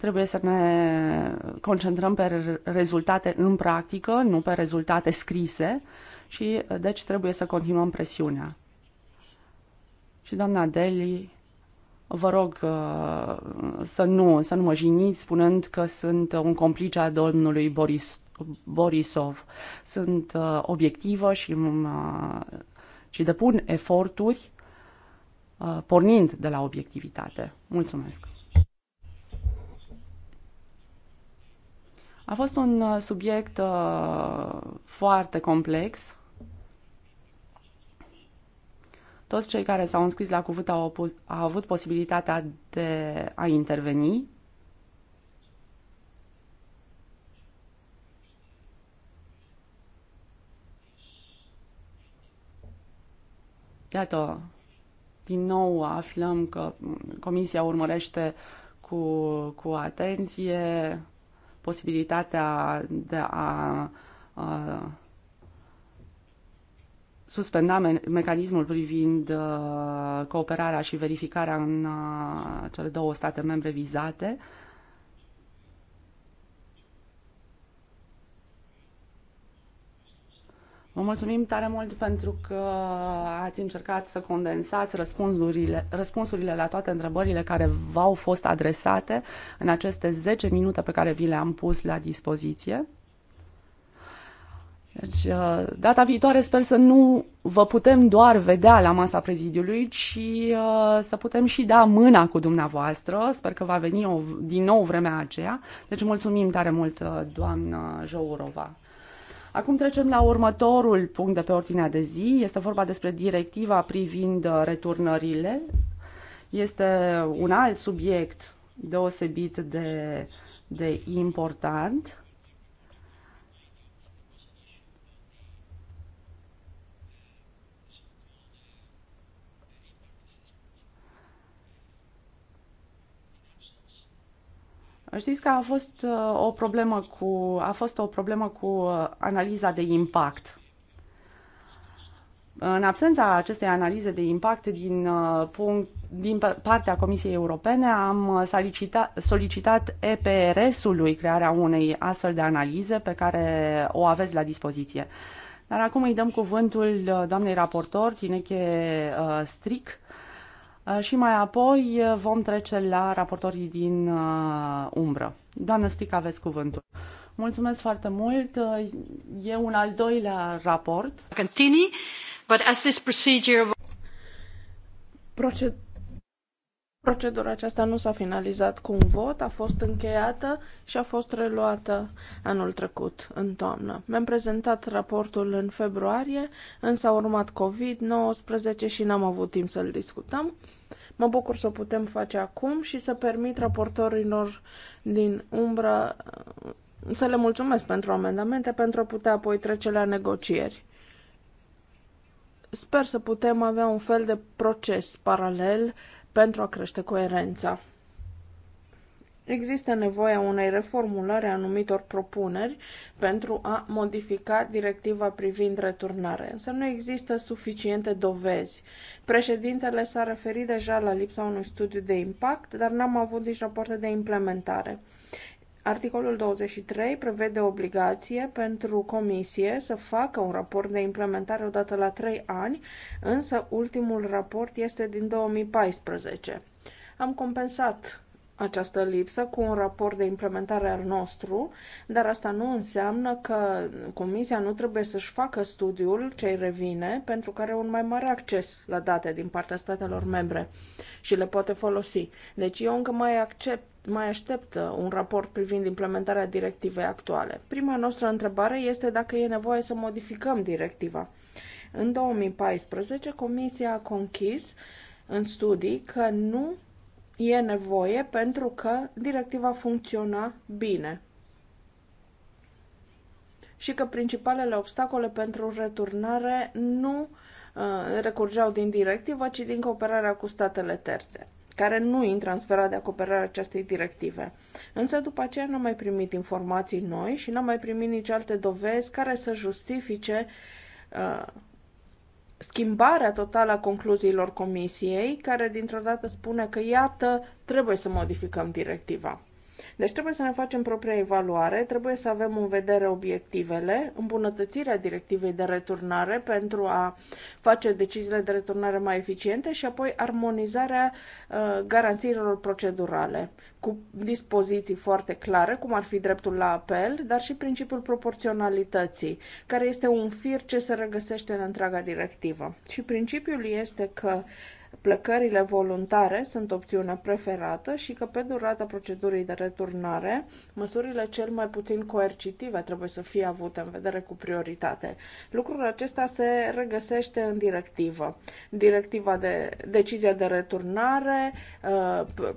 Trebuie să ne concentrăm pe rezultate în practică, nu pe rezultate scrise și deci trebuie să continuăm presiunea. Și doamna Deli, vă rog uh, să nu, să nu mă jiniți spunând că sunt un complice al domnului Boris, Borisov. Sunt uh, obiectivă și, uh, și depun eforturi pornind de la obiectivitate. Mulțumesc! A fost un uh, subiect uh, foarte complex. Toți cei care s-au înscris la cuvânt au, au avut posibilitatea de a interveni. Iată, din nou aflăm că Comisia urmărește cu, cu atenție posibilitatea de a, suspenda me mecanismul privind uh, cooperarea și verificarea în uh, cele două state membre vizate. Vă mulțumim tare mult pentru că ați încercat să condensați răspunsurile, răspunsurile la toate întrebările care v-au fost adresate în aceste 10 minute pe care vi le-am pus la dispoziție. Deci, uh, data viitoare sper să nu vă putem doar vedea la masa prezidiului, ci uh, să putem și da mâna cu dumneavoastră. Sper că va veni o, din nou vremea aceea. Deci, mulțumim tare mult, uh, doamnă Jourova. Acum trecem la următorul punct de pe ordinea de zi. Este vorba despre directiva privind uh, returnările. Este un alt subiect deosebit de, de important. Știți că a fost uh, o problemă cu, a fost o problemă cu uh, analiza de impact. În absența acestei analize de impact din, uh, punct, din partea Comisiei Europene, am solicita, solicitat EPRS-ului crearea unei astfel de analize pe care o aveți la dispoziție. Dar acum îi dăm cuvântul doamnei raportor, Tineche Stric, Uh, și mai apoi uh, vom trece la raportorii din uh, umbră. Doamnă Stric, aveți cuvântul. Mulțumesc foarte mult. E un al doilea raport. Continui, but as this procedure... Proced... Procedura aceasta nu s-a finalizat cu un vot, a fost încheiată și a fost reluată anul trecut, în toamnă. Mi-am prezentat raportul în februarie, însă a urmat COVID-19 și n-am avut timp să-l discutăm. Mă bucur să o putem face acum și să permit raportorilor din umbră uh, să le mulțumesc pentru amendamente pentru a putea apoi trece la negocieri. Sper să putem avea un fel de proces paralel pentru a crește coerența. Există nevoia unei reformulări a anumitor propuneri pentru a modifica directiva privind returnare, însă nu există suficiente dovezi. Președintele s-a referit deja la lipsa unui studiu de impact, dar n-am avut nici rapoarte de implementare. Articolul 23 prevede obligație pentru comisie să facă un raport de implementare odată la 3 ani, însă ultimul raport este din 2014. Am compensat această lipsă cu un raport de implementare al nostru, dar asta nu înseamnă că Comisia nu trebuie să-și facă studiul ce revine, pentru că are un mai mare acces la date din partea statelor membre și le poate folosi. Deci eu încă mai accept mai aștept uh, un raport privind implementarea directivei actuale. Prima noastră întrebare este dacă e nevoie să modificăm directiva. În 2014, Comisia a conchis în studii că nu e nevoie pentru că directiva funcționa bine și că principalele obstacole pentru returnare nu uh, recurgeau din directivă, ci din cooperarea cu statele terțe, care nu intră în sfera de acoperare acestei directive. Însă după aceea n-am mai primit informații noi și n-am mai primit nici alte dovezi care să justifice uh, schimbarea totală a concluziilor comisiei, care dintr-o dată spune că, iată, trebuie să modificăm directiva. Deci trebuie să ne facem propria evaluare, trebuie să avem în vedere obiectivele, îmbunătățirea directivei de returnare pentru a face deciziile de returnare mai eficiente și apoi armonizarea uh, garanțiilor procedurale cu dispoziții foarte clare, cum ar fi dreptul la apel, dar și principiul proporționalității, care este un fir ce se regăsește în întreaga directivă. Și principiul este că plecările voluntare sunt opțiunea preferată și că pe durata procedurii de returnare, măsurile cel mai puțin coercitive trebuie să fie avute în vedere cu prioritate. Lucrul acesta se regăsește în directivă. Directiva de decizia de returnare, uh,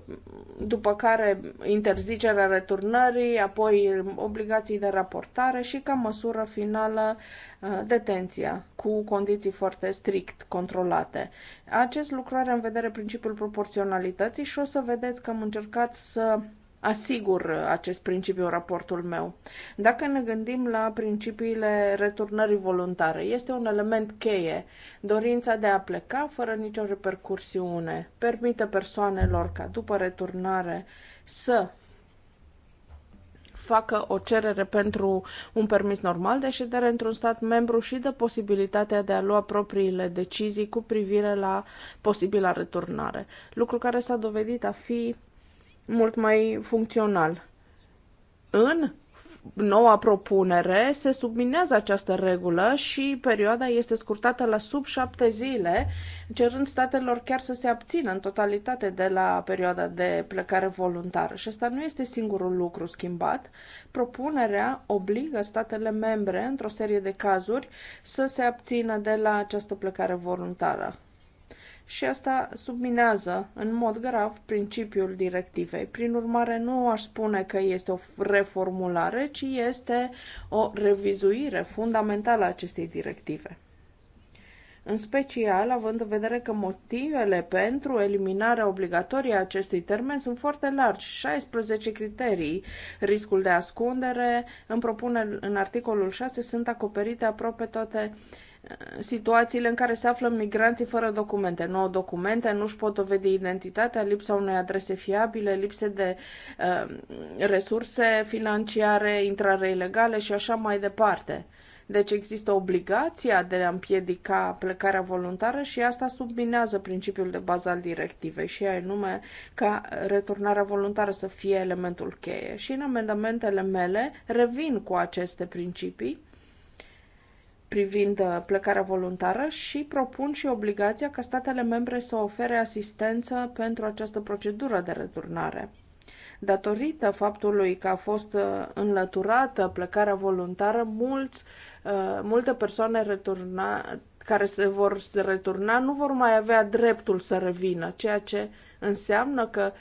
după care interzicerea returnării, apoi obligații de raportare și ca măsură finală uh, detenția cu condiții foarte strict controlate. Acest lucru lucru are în vedere principiul proporționalității și o să vedeți că am încercat să asigur acest principiu în raportul meu. Dacă ne gândim la principiile returnării voluntare, este un element cheie. Dorința de a pleca fără nicio repercursiune permite persoanelor ca după returnare să facă o cerere pentru un permis normal de ședere într-un stat membru și de posibilitatea de a lua propriile decizii cu privire la posibila returnare, lucru care s-a dovedit a fi mult mai funcțional. În noua propunere se subminează această regulă și perioada este scurtată la sub șapte zile, cerând statelor chiar să se abțină în totalitate de la perioada de plecare voluntară. Și asta nu este singurul lucru schimbat. Propunerea obligă statele membre, într-o serie de cazuri, să se abțină de la această plecare voluntară și asta subminează în mod grav principiul directivei. Prin urmare, nu aș spune că este o reformulare, ci este o revizuire fundamentală a acestei directive în special având în vedere că motivele pentru eliminarea obligatorie a acestui termen sunt foarte largi, 16 criterii. Riscul de ascundere, în propunere, în articolul 6, sunt acoperite aproape toate uh, situațiile în care se află migranții fără documente. Nu au documente, nu își pot dovedi identitatea, lipsa unei adrese fiabile, lipse de uh, resurse financiare, intrare ilegale și așa mai departe. Deci există obligația de a împiedica plecarea voluntară și asta subminează principiul de bază al directivei și anume ca returnarea voluntară să fie elementul cheie. Și în amendamentele mele revin cu aceste principii privind uh, plecarea voluntară și propun și obligația ca statele membre să ofere asistență pentru această procedură de returnare. Datorită faptului că a fost uh, înlăturată plecarea voluntară, mulți, uh, multe persoane returna, care se vor se returna nu vor mai avea dreptul să revină, ceea ce înseamnă că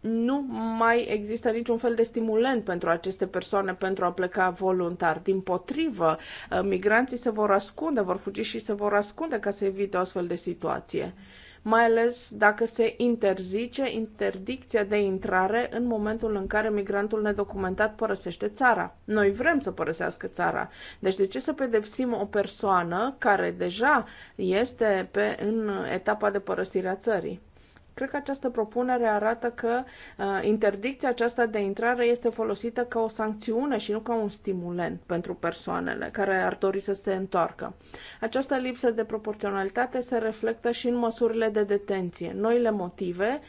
nu mai există niciun fel de stimulent pentru aceste persoane pentru a pleca voluntar. Din potrivă, uh, migranții se vor ascunde, vor fugi și se vor ascunde ca să evite o astfel de situație mai ales dacă se interzice interdicția de intrare în momentul în care migrantul nedocumentat părăsește țara. Noi vrem să părăsească țara. Deci de ce să pedepsim o persoană care deja este pe, în etapa de părăsire a țării? Cred că această propunere arată că uh, interdicția aceasta de intrare este folosită ca o sancțiune și nu ca un stimulent pentru persoanele care ar dori să se întoarcă. Această lipsă de proporționalitate se reflectă și în măsurile de detenție. Noile motive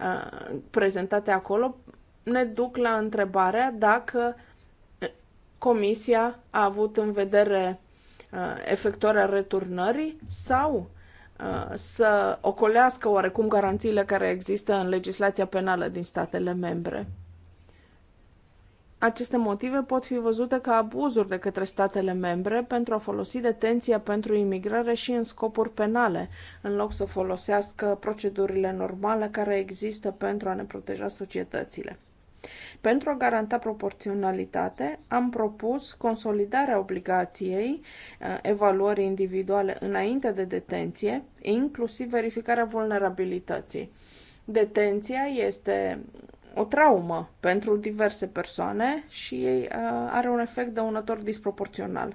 uh, prezentate acolo ne duc la întrebarea dacă uh, Comisia a avut în vedere uh, efectuarea returnării sau Uh, să ocolească oarecum garanțiile care există în legislația penală din statele membre. Aceste motive pot fi văzute ca abuzuri de către statele membre pentru a folosi detenția pentru imigrare și în scopuri penale, în loc să folosească procedurile normale care există pentru a ne proteja societățile. Pentru a garanta proporționalitate, am propus consolidarea obligației uh, evaluării individuale înainte de detenție, inclusiv verificarea vulnerabilității. Detenția este o traumă pentru diverse persoane și ei uh, are un efect dăunător disproporțional.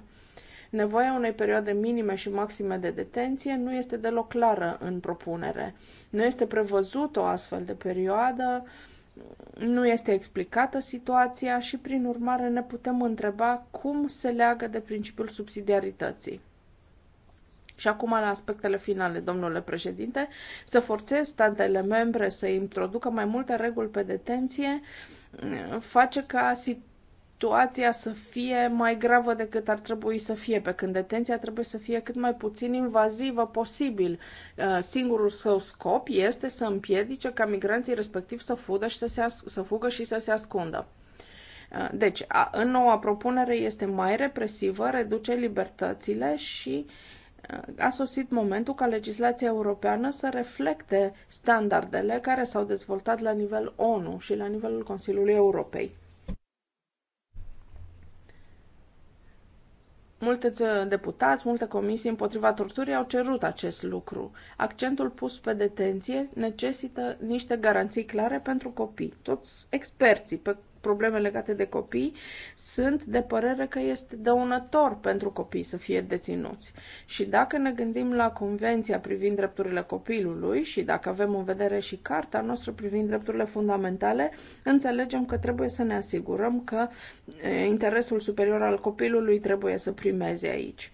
Nevoia unei perioade minime și maxime de detenție nu este deloc clară în propunere. Nu este prevăzut o astfel de perioadă uh, nu este explicată situația și, prin urmare, ne putem întreba cum se leagă de principiul subsidiarității. Și acum la aspectele finale, domnule președinte, să forțez statele membre să introducă mai multe reguli pe detenție face ca situația situația să fie mai gravă decât ar trebui să fie, pe când detenția trebuie să fie cât mai puțin invazivă posibil. Uh, singurul său scop este să împiedice ca migranții respectiv să, fugă și să, se as- să fugă și să se ascundă. Uh, deci, a, în noua propunere este mai represivă, reduce libertățile și uh, a sosit momentul ca legislația europeană să reflecte standardele care s-au dezvoltat la nivel ONU și la nivelul Consiliului Europei. Multe uh, deputați, multe comisii împotriva torturii au cerut acest lucru. Accentul pus pe detenție necesită niște garanții clare pentru copii. Toți experții pe probleme legate de copii, sunt de părere că este dăunător pentru copii să fie deținuți. Și dacă ne gândim la Convenția privind drepturile copilului și dacă avem în vedere și Carta noastră privind drepturile fundamentale, înțelegem că trebuie să ne asigurăm că eh, interesul superior al copilului trebuie să primeze aici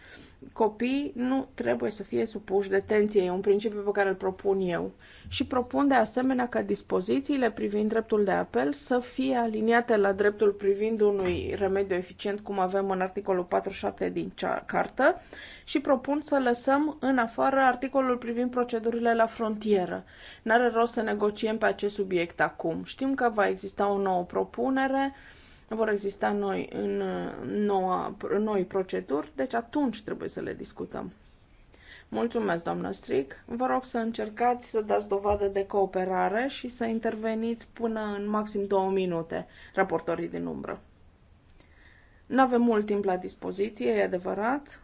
copii nu trebuie să fie supuși detenției, e un principiu pe care îl propun eu. Și propun de asemenea ca dispozițiile privind dreptul de apel să fie aliniate la dreptul privind unui remediu eficient, cum avem în articolul 47 din cea, cartă, și propun să lăsăm în afară articolul privind procedurile la frontieră. N-are rost să negociem pe acest subiect acum. Știm că va exista o nouă propunere, vor exista noi în uh, noua, noi proceduri, deci atunci trebuie să le discutăm. Mulțumesc, doamnă Stric. Vă rog să încercați să dați dovadă de cooperare și să interveniți până în maxim două minute, raportorii din umbră. Nu avem mult timp la dispoziție, e adevărat.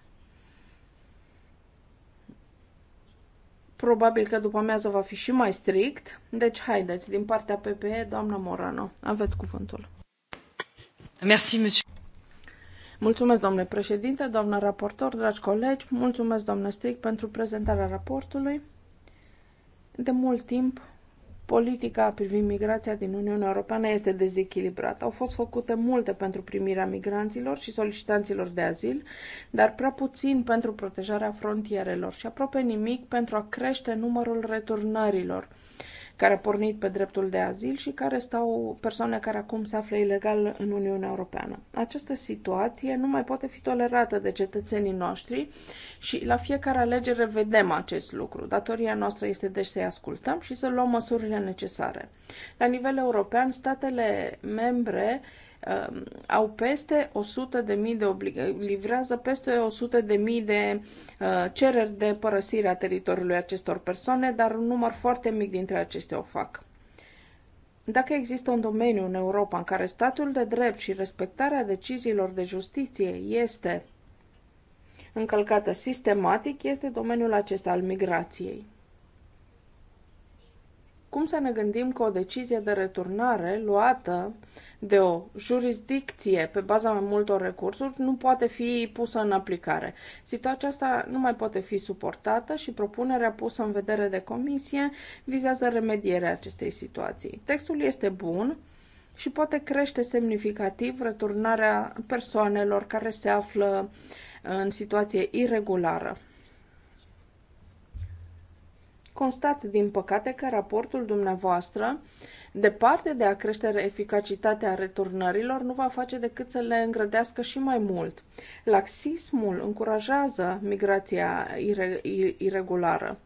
Probabil că după amiază va fi și mai strict, deci haideți, din partea PPE, doamnă Morano, aveți cuvântul. Mulțumesc, domnule președinte, doamnă raportor, dragi colegi, mulțumesc, doamnă Stric, pentru prezentarea raportului. De mult timp, politica privind migrația din Uniunea Europeană este dezechilibrată. Au fost făcute multe pentru primirea migranților și solicitanților de azil, dar prea puțin pentru protejarea frontierelor și aproape nimic pentru a crește numărul returnărilor care a pornit pe dreptul de azil și care stau persoane care acum se află ilegal în Uniunea Europeană. Această situație nu mai poate fi tolerată de cetățenii noștri și la fiecare alegere vedem acest lucru. Datoria noastră este deci să-i ascultăm și să luăm măsurile necesare. La nivel european, statele membre uh, au peste 100 de mii de oblig- livrează peste 100 de mii de uh, cereri de părăsire a teritoriului acestor persoane, dar un număr foarte mic dintre acestea o fac. Dacă există un domeniu în Europa în care statul de drept și respectarea deciziilor de justiție este încălcată sistematic, este domeniul acesta al migrației. Cum să ne gândim că o decizie de returnare luată de o jurisdicție pe baza mai multor recursuri nu poate fi pusă în aplicare? Situația asta nu mai poate fi suportată și propunerea pusă în vedere de comisie vizează remedierea acestei situații. Textul este bun, și poate crește semnificativ returnarea persoanelor care se află în situație irregulară constat, din păcate, că raportul dumneavoastră, departe de a crește eficacitatea returnărilor, nu va face decât să le îngrădească și mai mult. Laxismul încurajează migrația ire- irregulară.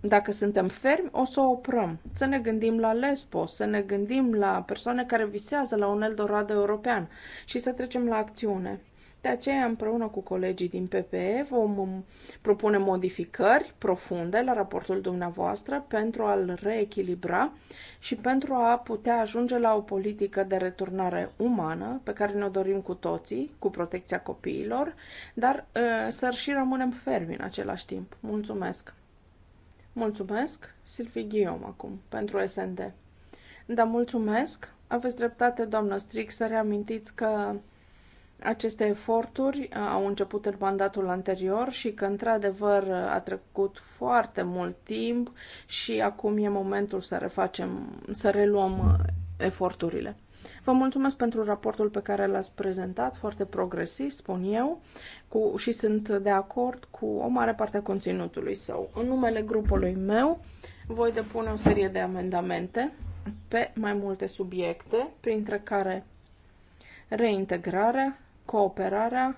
Dacă suntem fermi, o să o oprăm. Să ne gândim la Lesbos, să ne gândim la persoane care visează la un Eldorado european și să trecem la acțiune. De aceea, împreună cu colegii din PPE, vom um, propune modificări profunde la raportul dumneavoastră pentru a-l reechilibra și pentru a putea ajunge la o politică de returnare umană pe care ne-o dorim cu toții, cu protecția copiilor, dar uh, să și rămânem fermi în același timp. Mulțumesc! Mulțumesc, Silvi Ghiom, acum, pentru SND. Da, mulțumesc! Aveți dreptate, doamnă Stric, să reamintiți că aceste eforturi uh, au început în mandatul anterior și că, într-adevăr, uh, a trecut foarte mult timp și acum e momentul să refacem, să reluăm uh, eforturile. Vă mulțumesc pentru raportul pe care l-ați prezentat, foarte progresiv, spun eu, cu, și sunt de acord cu o mare parte a conținutului său. În numele grupului meu voi depune o serie de amendamente pe mai multe subiecte, printre care reintegrarea, cooperarea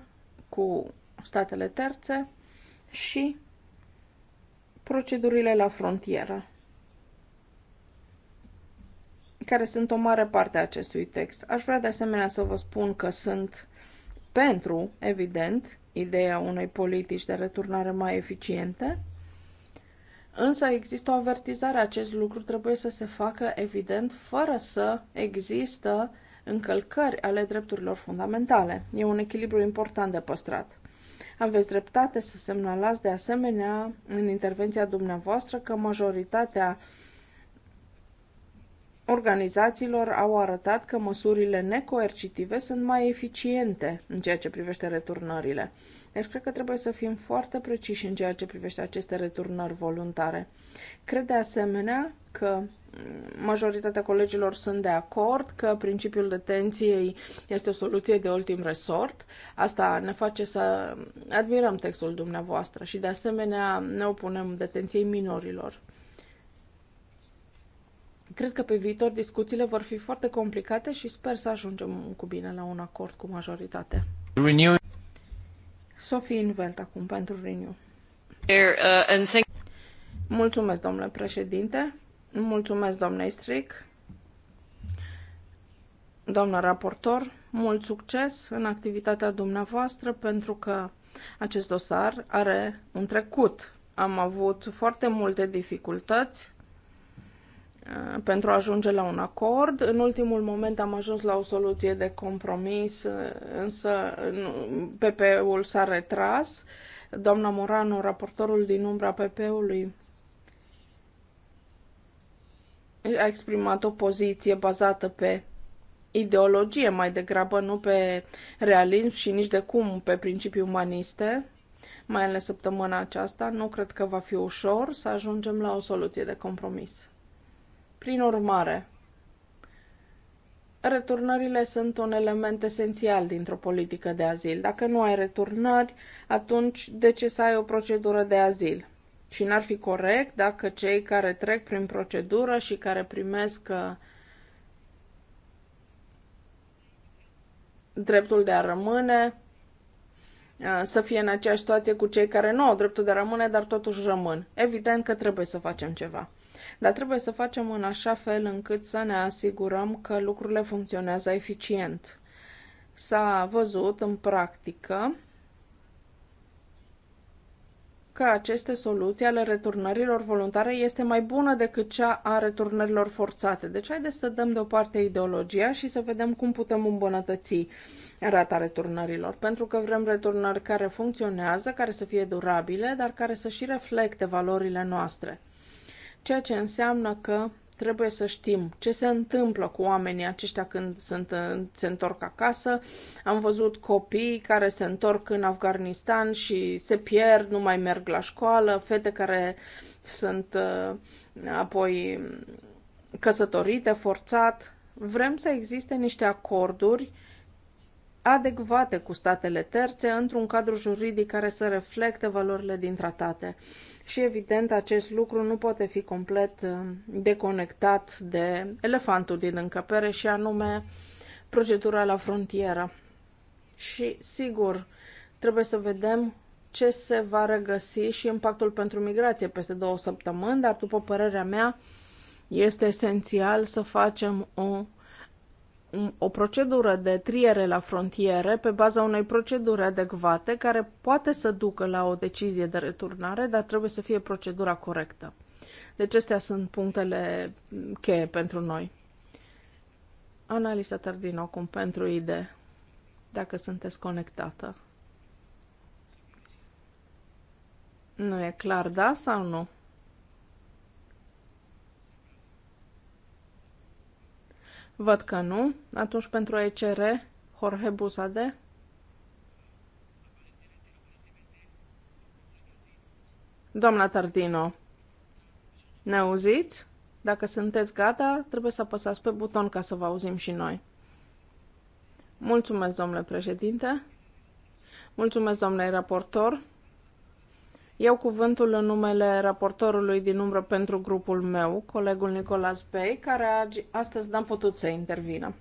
cu statele terțe și procedurile la frontieră, care sunt o mare parte a acestui text. Aș vrea de asemenea să vă spun că sunt pentru, evident, ideea unei politici de returnare mai eficiente, însă există o avertizare. Acest lucru trebuie să se facă, evident, fără să există uh, încălcări ale drepturilor fundamentale. E un echilibru important de păstrat. Aveți dreptate să semnalați de asemenea în intervenția dumneavoastră că majoritatea organizațiilor au arătat că măsurile necoercitive sunt mai eficiente în ceea ce privește returnările. Deci cred că trebuie să fim foarte preciși în ceea ce privește aceste returnări voluntare. Cred de asemenea că majoritatea colegilor sunt de acord că principiul detenției este o soluție de ultim resort. Asta ne face să admirăm textul dumneavoastră și de asemenea ne opunem detenției minorilor. Cred că pe viitor discuțiile vor fi foarte complicate și sper să ajungem cu bine la un acord cu majoritatea. Renew. Sophie Invelt acum pentru Renew. Uh, Mulțumesc, domnule președinte. Mulțumesc, doamnei Stric. Doamna raportor, mult succes în activitatea dumneavoastră pentru că acest dosar are un trecut. Am avut foarte multe dificultăți uh, pentru a ajunge la un acord. În ultimul moment am ajuns la o soluție de compromis, uh, însă uh, PP-ul s-a retras. Doamna Morano, raportorul din umbra PP-ului, a exprimat o poziție bazată pe ideologie mai degrabă, nu pe realism și nici de cum pe principii umaniste, mai ales săptămâna aceasta. Nu cred că va fi ușor să ajungem la o soluție de compromis. Prin urmare, returnările sunt un element esențial dintr-o politică de azil. Dacă nu ai returnări, atunci de ce să ai o procedură de azil? Și n-ar fi corect dacă cei care trec prin procedură și care primesc uh, dreptul de a rămâne uh, să fie în aceeași situație cu cei care nu au dreptul de a rămâne, dar totuși rămân. Evident că trebuie să facem ceva. Dar trebuie să facem în așa fel încât să ne asigurăm că lucrurile funcționează eficient. S-a văzut în practică că aceste soluții ale returnărilor voluntare este mai bună decât cea a returnărilor forțate. Deci haideți să dăm deoparte ideologia și să vedem cum putem îmbunătăți rata returnărilor, pentru că vrem returnări care funcționează, care să fie durabile, dar care să și reflecte valorile noastre. Ceea ce înseamnă că Trebuie să știm ce se întâmplă cu oamenii aceștia când sunt, se întorc acasă. Am văzut copii care se întorc în Afganistan și se pierd, nu mai merg la școală, fete care sunt uh, apoi mm, căsătorite, forțat. Vrem să existe niște acorduri adecvate cu statele terțe într-un cadru juridic care să reflecte valorile din tratate și evident acest lucru nu poate fi complet uh, deconectat de elefantul din încăpere și anume procedura la frontieră. Și sigur, trebuie să vedem ce se va regăsi și impactul pentru migrație peste două săptămâni, dar după părerea mea este esențial să facem o o procedură de triere la frontiere pe baza unei proceduri adecvate care poate să ducă la o decizie de returnare, dar trebuie să fie procedura corectă. Deci acestea sunt punctele cheie pentru noi. Analiza Tardino acum pentru idee, dacă sunteți conectată. Nu e clar, da sau nu? Văd că nu. Atunci pentru ECR, Jorge Buzade. Doamna Tardino, ne auziți? Dacă sunteți gata, trebuie să apăsați pe buton ca să vă auzim și noi. Mulțumesc, domnule președinte. Mulțumesc, domnule raportor. Iau cuvântul în numele raportorului din umbră pentru grupul meu, colegul Nicolas Bey, care astăzi n-a putut să intervină.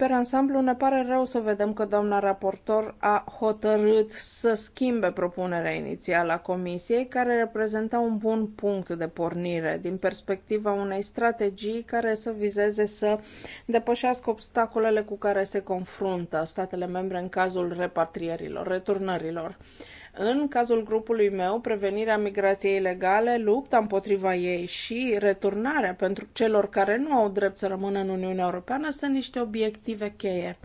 Per ansamblu, ne pare rău să vedem că doamna raportor a hotărât să schimbe propunerea inițială a Comisiei, care reprezenta un bun punct de pornire din perspectiva unei strategii care să vizeze să depășească obstacolele cu care se confruntă statele membre în cazul repatrierilor, returnărilor. În cazul grupului meu, prevenirea migrației ilegale, lupta împotriva ei și returnarea pentru celor care nu au drept să rămână în Uniunea Europeană sunt niște obiective cheie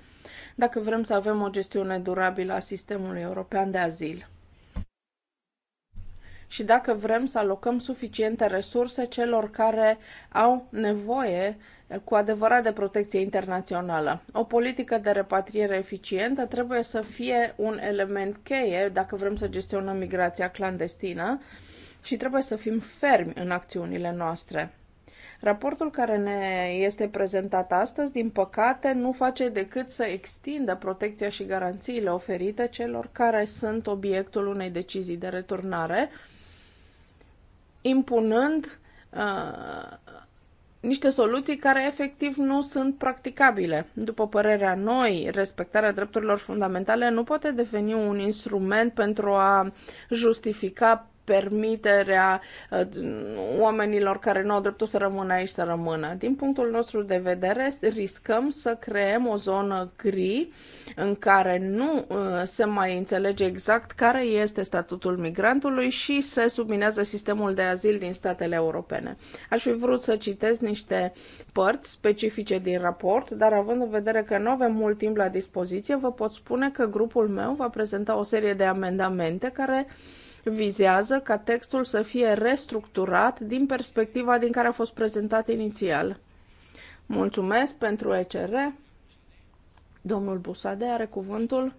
dacă vrem să avem o gestiune durabilă a sistemului european de azil și dacă vrem să alocăm suficiente resurse celor care au nevoie eh, cu adevărat de protecție internațională. O politică de repatriere eficientă trebuie să fie un element cheie dacă vrem să gestionăm migrația clandestină și trebuie să fim fermi în acțiunile noastre. Raportul care ne este prezentat astăzi, din păcate, nu face decât să extindă protecția și garanțiile oferite celor care sunt obiectul unei decizii de returnare, impunând uh, niște soluții care efectiv nu sunt practicabile. După părerea noi, respectarea drepturilor fundamentale nu poate deveni un instrument pentru a justifica permiterea uh, oamenilor care nu au dreptul să rămână aici să rămână. Din punctul nostru de vedere, riscăm să creăm o zonă gri în care nu uh, se mai înțelege exact care este statutul migrantului și se subminează sistemul de azil din statele europene. Aș fi vrut să citesc niște părți specifice din raport, dar având în vedere că nu avem mult timp la dispoziție, vă pot spune că grupul meu va prezenta o serie de amendamente care uh, vizează ca textul să fie restructurat din perspectiva din care a fost prezentat inițial. Mulțumesc pentru ECR. Domnul Busade are cuvântul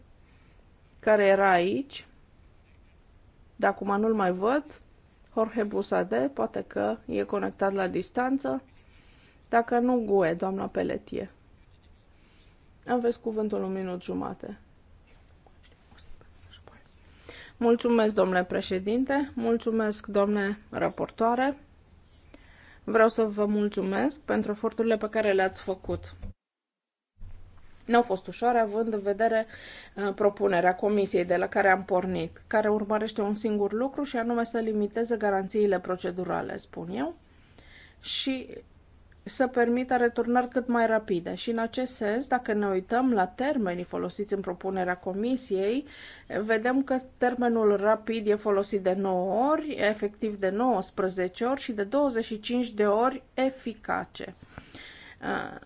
care era aici. De acum nu-l mai văd. Jorge Busade, poate că e conectat la distanță. Dacă nu, GUE, doamna Peletie. Aveți cuvântul un minut jumate. Mulțumesc, domnule președinte, mulțumesc, domnule raportoare. Vreau să vă mulțumesc pentru eforturile pe care le-ați făcut. Nu au fost ușoare, având în vedere uh, propunerea comisiei de la care am pornit, care urmărește un singur lucru și anume să limiteze garanțiile procedurale, spun eu, și să permită returnări cât mai rapide. Și în acest sens, dacă ne uităm la termenii folosiți în propunerea comisiei, vedem că termenul rapid e folosit de 9 ori, efectiv de 19 ori și de 25 de ori eficace. Uh,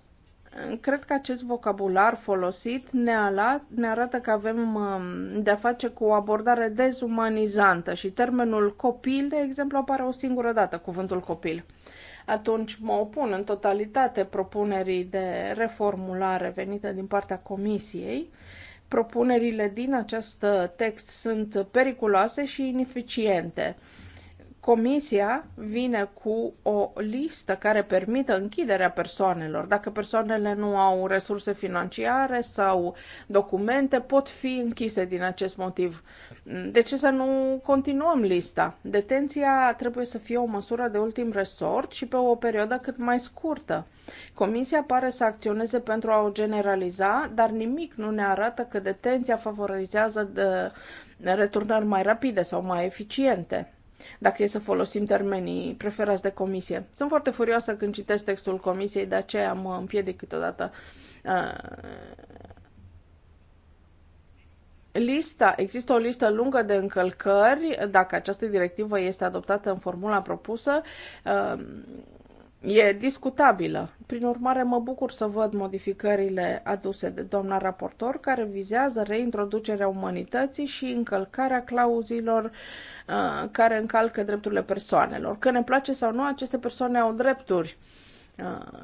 cred că acest vocabular folosit ne, ala, ne arată că avem um, de-a face cu o abordare dezumanizantă și termenul copil, de exemplu, apare o singură dată, cuvântul copil atunci mă opun în totalitate propunerii de reformulare venite din partea Comisiei. Propunerile din acest text sunt periculoase și ineficiente Comisia vine cu o listă care permită închiderea persoanelor. Dacă persoanele nu au resurse financiare sau documente, pot fi închise din acest motiv. De ce să nu continuăm lista? Detenția trebuie să fie o măsură de ultim resort și pe o perioadă cât mai scurtă. Comisia pare să acționeze pentru a o generaliza, dar nimic nu ne arată că detenția favorizează de uh, returnări mai rapide sau mai eficiente dacă e să folosim termenii preferați de comisie. Sunt foarte furioasă când citesc textul comisiei, de aceea mă împiedic câteodată. Uh, lista, există o listă lungă de încălcări, dacă această directivă este adoptată în formula propusă, uh, e discutabilă. Prin urmare, mă bucur să văd modificările aduse de doamna raportor, care vizează reintroducerea umanității și încălcarea clauzilor uh, care încalcă drepturile persoanelor. Că ne place sau nu, aceste persoane au drepturi. Uh,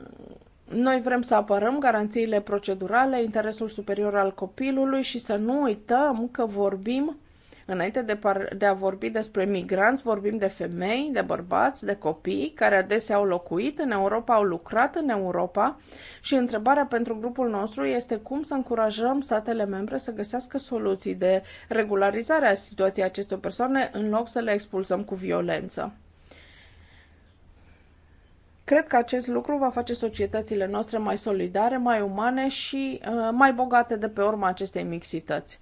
noi vrem să apărăm garanțiile procedurale, interesul superior al copilului și să nu uităm că vorbim Înainte de, par- de a vorbi despre migranți, vorbim de femei, de bărbați, de copii care adesea au locuit în Europa, au lucrat în Europa și întrebarea pentru grupul nostru este cum să încurajăm statele membre să găsească soluții de regularizare a situației acestor persoane în loc să le expulsăm cu violență. Cred că acest lucru va face societățile noastre mai solidare, mai umane și uh, mai bogate de pe urma acestei mixități.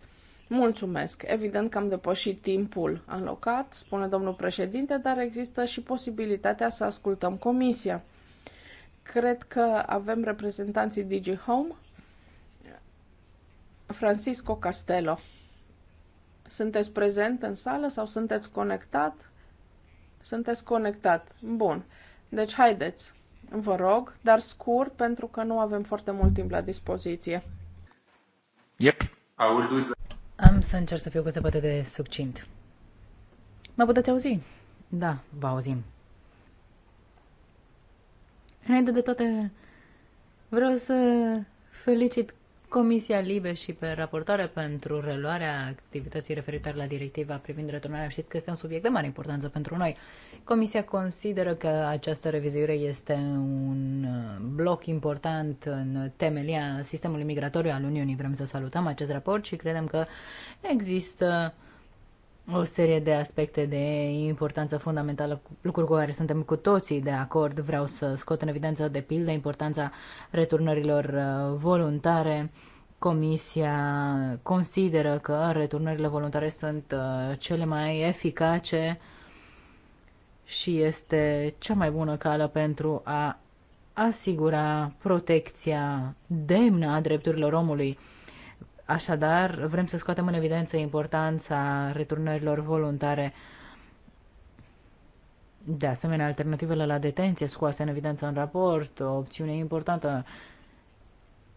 Mulțumesc. Evident că am depășit timpul alocat, spune domnul președinte, dar există și posibilitatea să ascultăm comisia. Cred că avem reprezentanții Digi Home, Francisco Castello. Sunteți prezent în sală sau sunteți conectat? Sunteți conectat. Bun. Deci haideți, vă rog, dar scurt pentru că nu avem foarte mult timp la dispoziție. Yep. I will do am să încerc să fiu cât se poate de succint. Mă puteți auzi? Da, vă auzim. Înainte de toate, vreau să felicit Comisia Libe și pe raportare pentru reluarea activității referitoare la directiva privind returnarea știți că este un subiect de mare importanță pentru noi. Comisia consideră că această revizuire este un uh, bloc important în temelia sistemului migratoriu al Uniunii. Vrem să salutăm acest raport și credem că există uh, o serie de aspecte de importanță fundamentală, lucruri cu care suntem cu toții de acord. Vreau să scot în evidență, de pildă, importanța returnărilor uh, voluntare. Comisia consideră că returnările voluntare sunt uh, cele mai eficace și este cea mai bună cală pentru a asigura protecția demnă a drepturilor omului Așadar, vrem să scoatem în evidență importanța returnărilor voluntare. De asemenea, alternativele la detenție scoase în evidență în raport, o opțiune importantă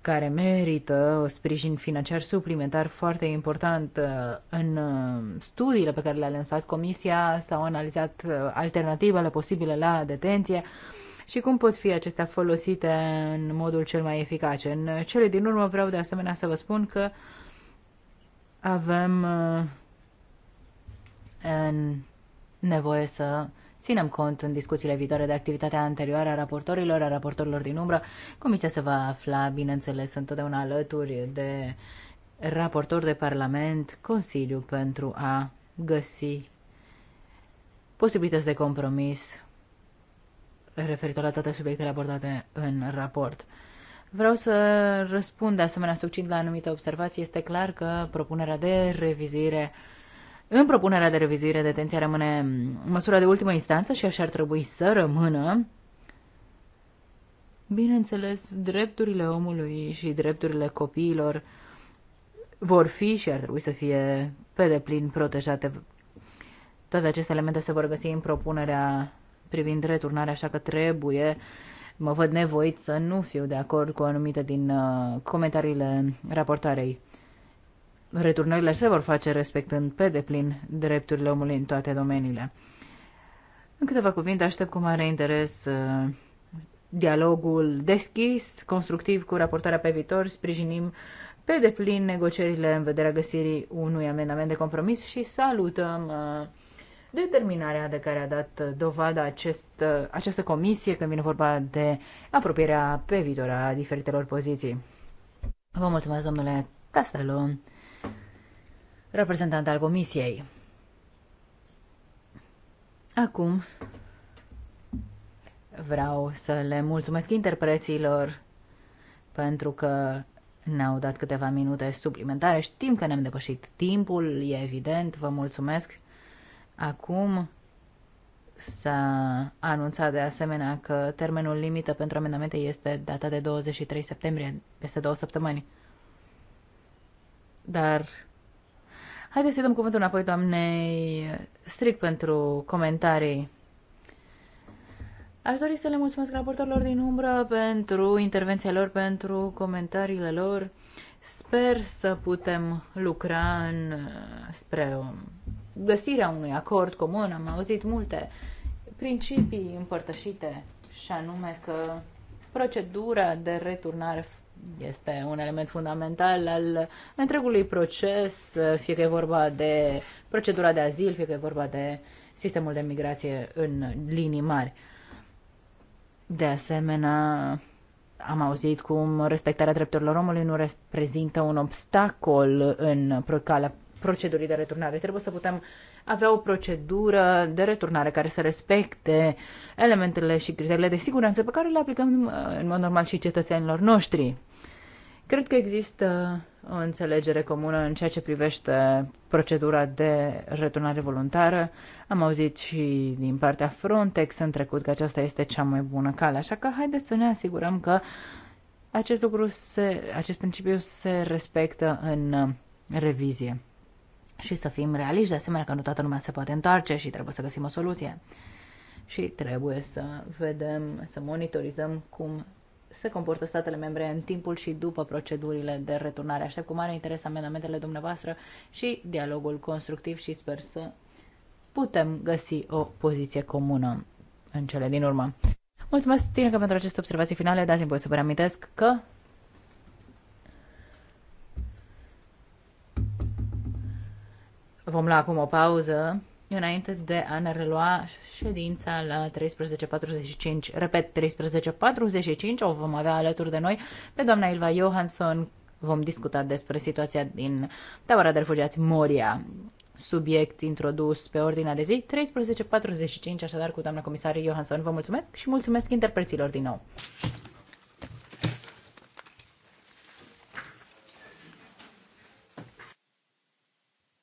care merită o sprijin financiar suplimentar foarte important. Uh, în uh, studiile pe care le-a lansat Comisia s-au analizat uh, alternativele posibile la detenție. Uh, și cum pot fi acestea folosite în modul cel mai eficace. În cele din urmă vreau de asemenea să vă spun că avem uh, nevoie să ținem cont în discuțiile viitoare de activitatea anterioară a raportorilor, a raportorilor din umbră. Comisia se va afla, bineînțeles, întotdeauna alături de raportor de Parlament, Consiliu, pentru a găsi posibilități de compromis referitor la toate subiectele abordate în raport. Vreau să răspund de asemenea succint la anumite observații. Este clar că propunerea de revizuire în propunerea de revizuire, detenția rămâne măsura de ultimă instanță și așa ar trebui să rămână. Bineînțeles, drepturile omului și drepturile copiilor vor fi și ar trebui să fie pe deplin protejate. Toate aceste elemente se vor găsi în propunerea privind returnarea, așa că trebuie, mă văd nevoit să nu fiu de acord cu anumite din uh, comentariile raportarei. Returnările se vor face respectând pe deplin drepturile omului în toate domeniile. În câteva cuvinte, aștept cu mare interes uh, dialogul deschis, constructiv cu raportarea pe viitor, sprijinim pe deplin negocierile în vederea găsirii unui amendament de compromis și salutăm uh, determinarea de care a dat uh, dovadă acest, uh, această comisie când vine vorba de apropierea pe viitor a diferitelor poziții. Vă mulțumesc, domnule Castelo, reprezentant al comisiei. Acum vreau să le mulțumesc interpreților pentru că ne-au dat câteva minute suplimentare. Știm că ne-am depășit timpul, e evident, vă mulțumesc. Acum s-a anunțat de asemenea că termenul limită pentru amendamente este data de 23 septembrie, peste două săptămâni. Dar haideți să dăm cuvântul înapoi doamnei strict pentru comentarii. Aș dori să le mulțumesc raportorilor din umbră pentru intervenția lor, pentru comentariile lor. Sper să putem lucra în, spre o găsirea unui acord comun. Am auzit multe principii împărtășite și anume că procedura de returnare este un element fundamental al întregului proces, fie că e vorba de procedura de azil, fie că e vorba de sistemul de migrație în linii mari. De asemenea, am auzit cum respectarea drepturilor omului nu reprezintă un obstacol în calea procedurii de returnare. Trebuie să putem avea o procedură de returnare care să respecte elementele și criteriile de siguranță pe care le aplicăm uh, în mod normal și cetățenilor noștri. Cred că există o înțelegere comună în ceea ce privește procedura de returnare voluntară. Am auzit și din partea Frontex în trecut că aceasta este cea mai bună cale, așa că haideți să ne asigurăm că acest lucru se, acest principiu se respectă în uh, revizie și să fim realiști, de asemenea că nu toată lumea se poate întoarce și trebuie să găsim o soluție. Și trebuie să vedem, să monitorizăm cum se comportă statele membre în timpul și după procedurile de returnare. Aștept cu mare interes amendamentele dumneavoastră și dialogul constructiv și sper să putem găsi o poziție comună în cele din urmă. Mulțumesc, că pentru aceste observații finale. Dați-mi voi să vă reamintesc că Vom lua acum o pauză înainte de a ne relua ședința la 13.45. Repet, 13.45 o vom avea alături de noi pe doamna Ilva Johansson. Vom discuta despre situația din tabăra de refugiați Moria, subiect introdus pe ordinea de zi 13.45, așadar cu doamna comisar Johansson. Vă mulțumesc și mulțumesc interpreților din nou.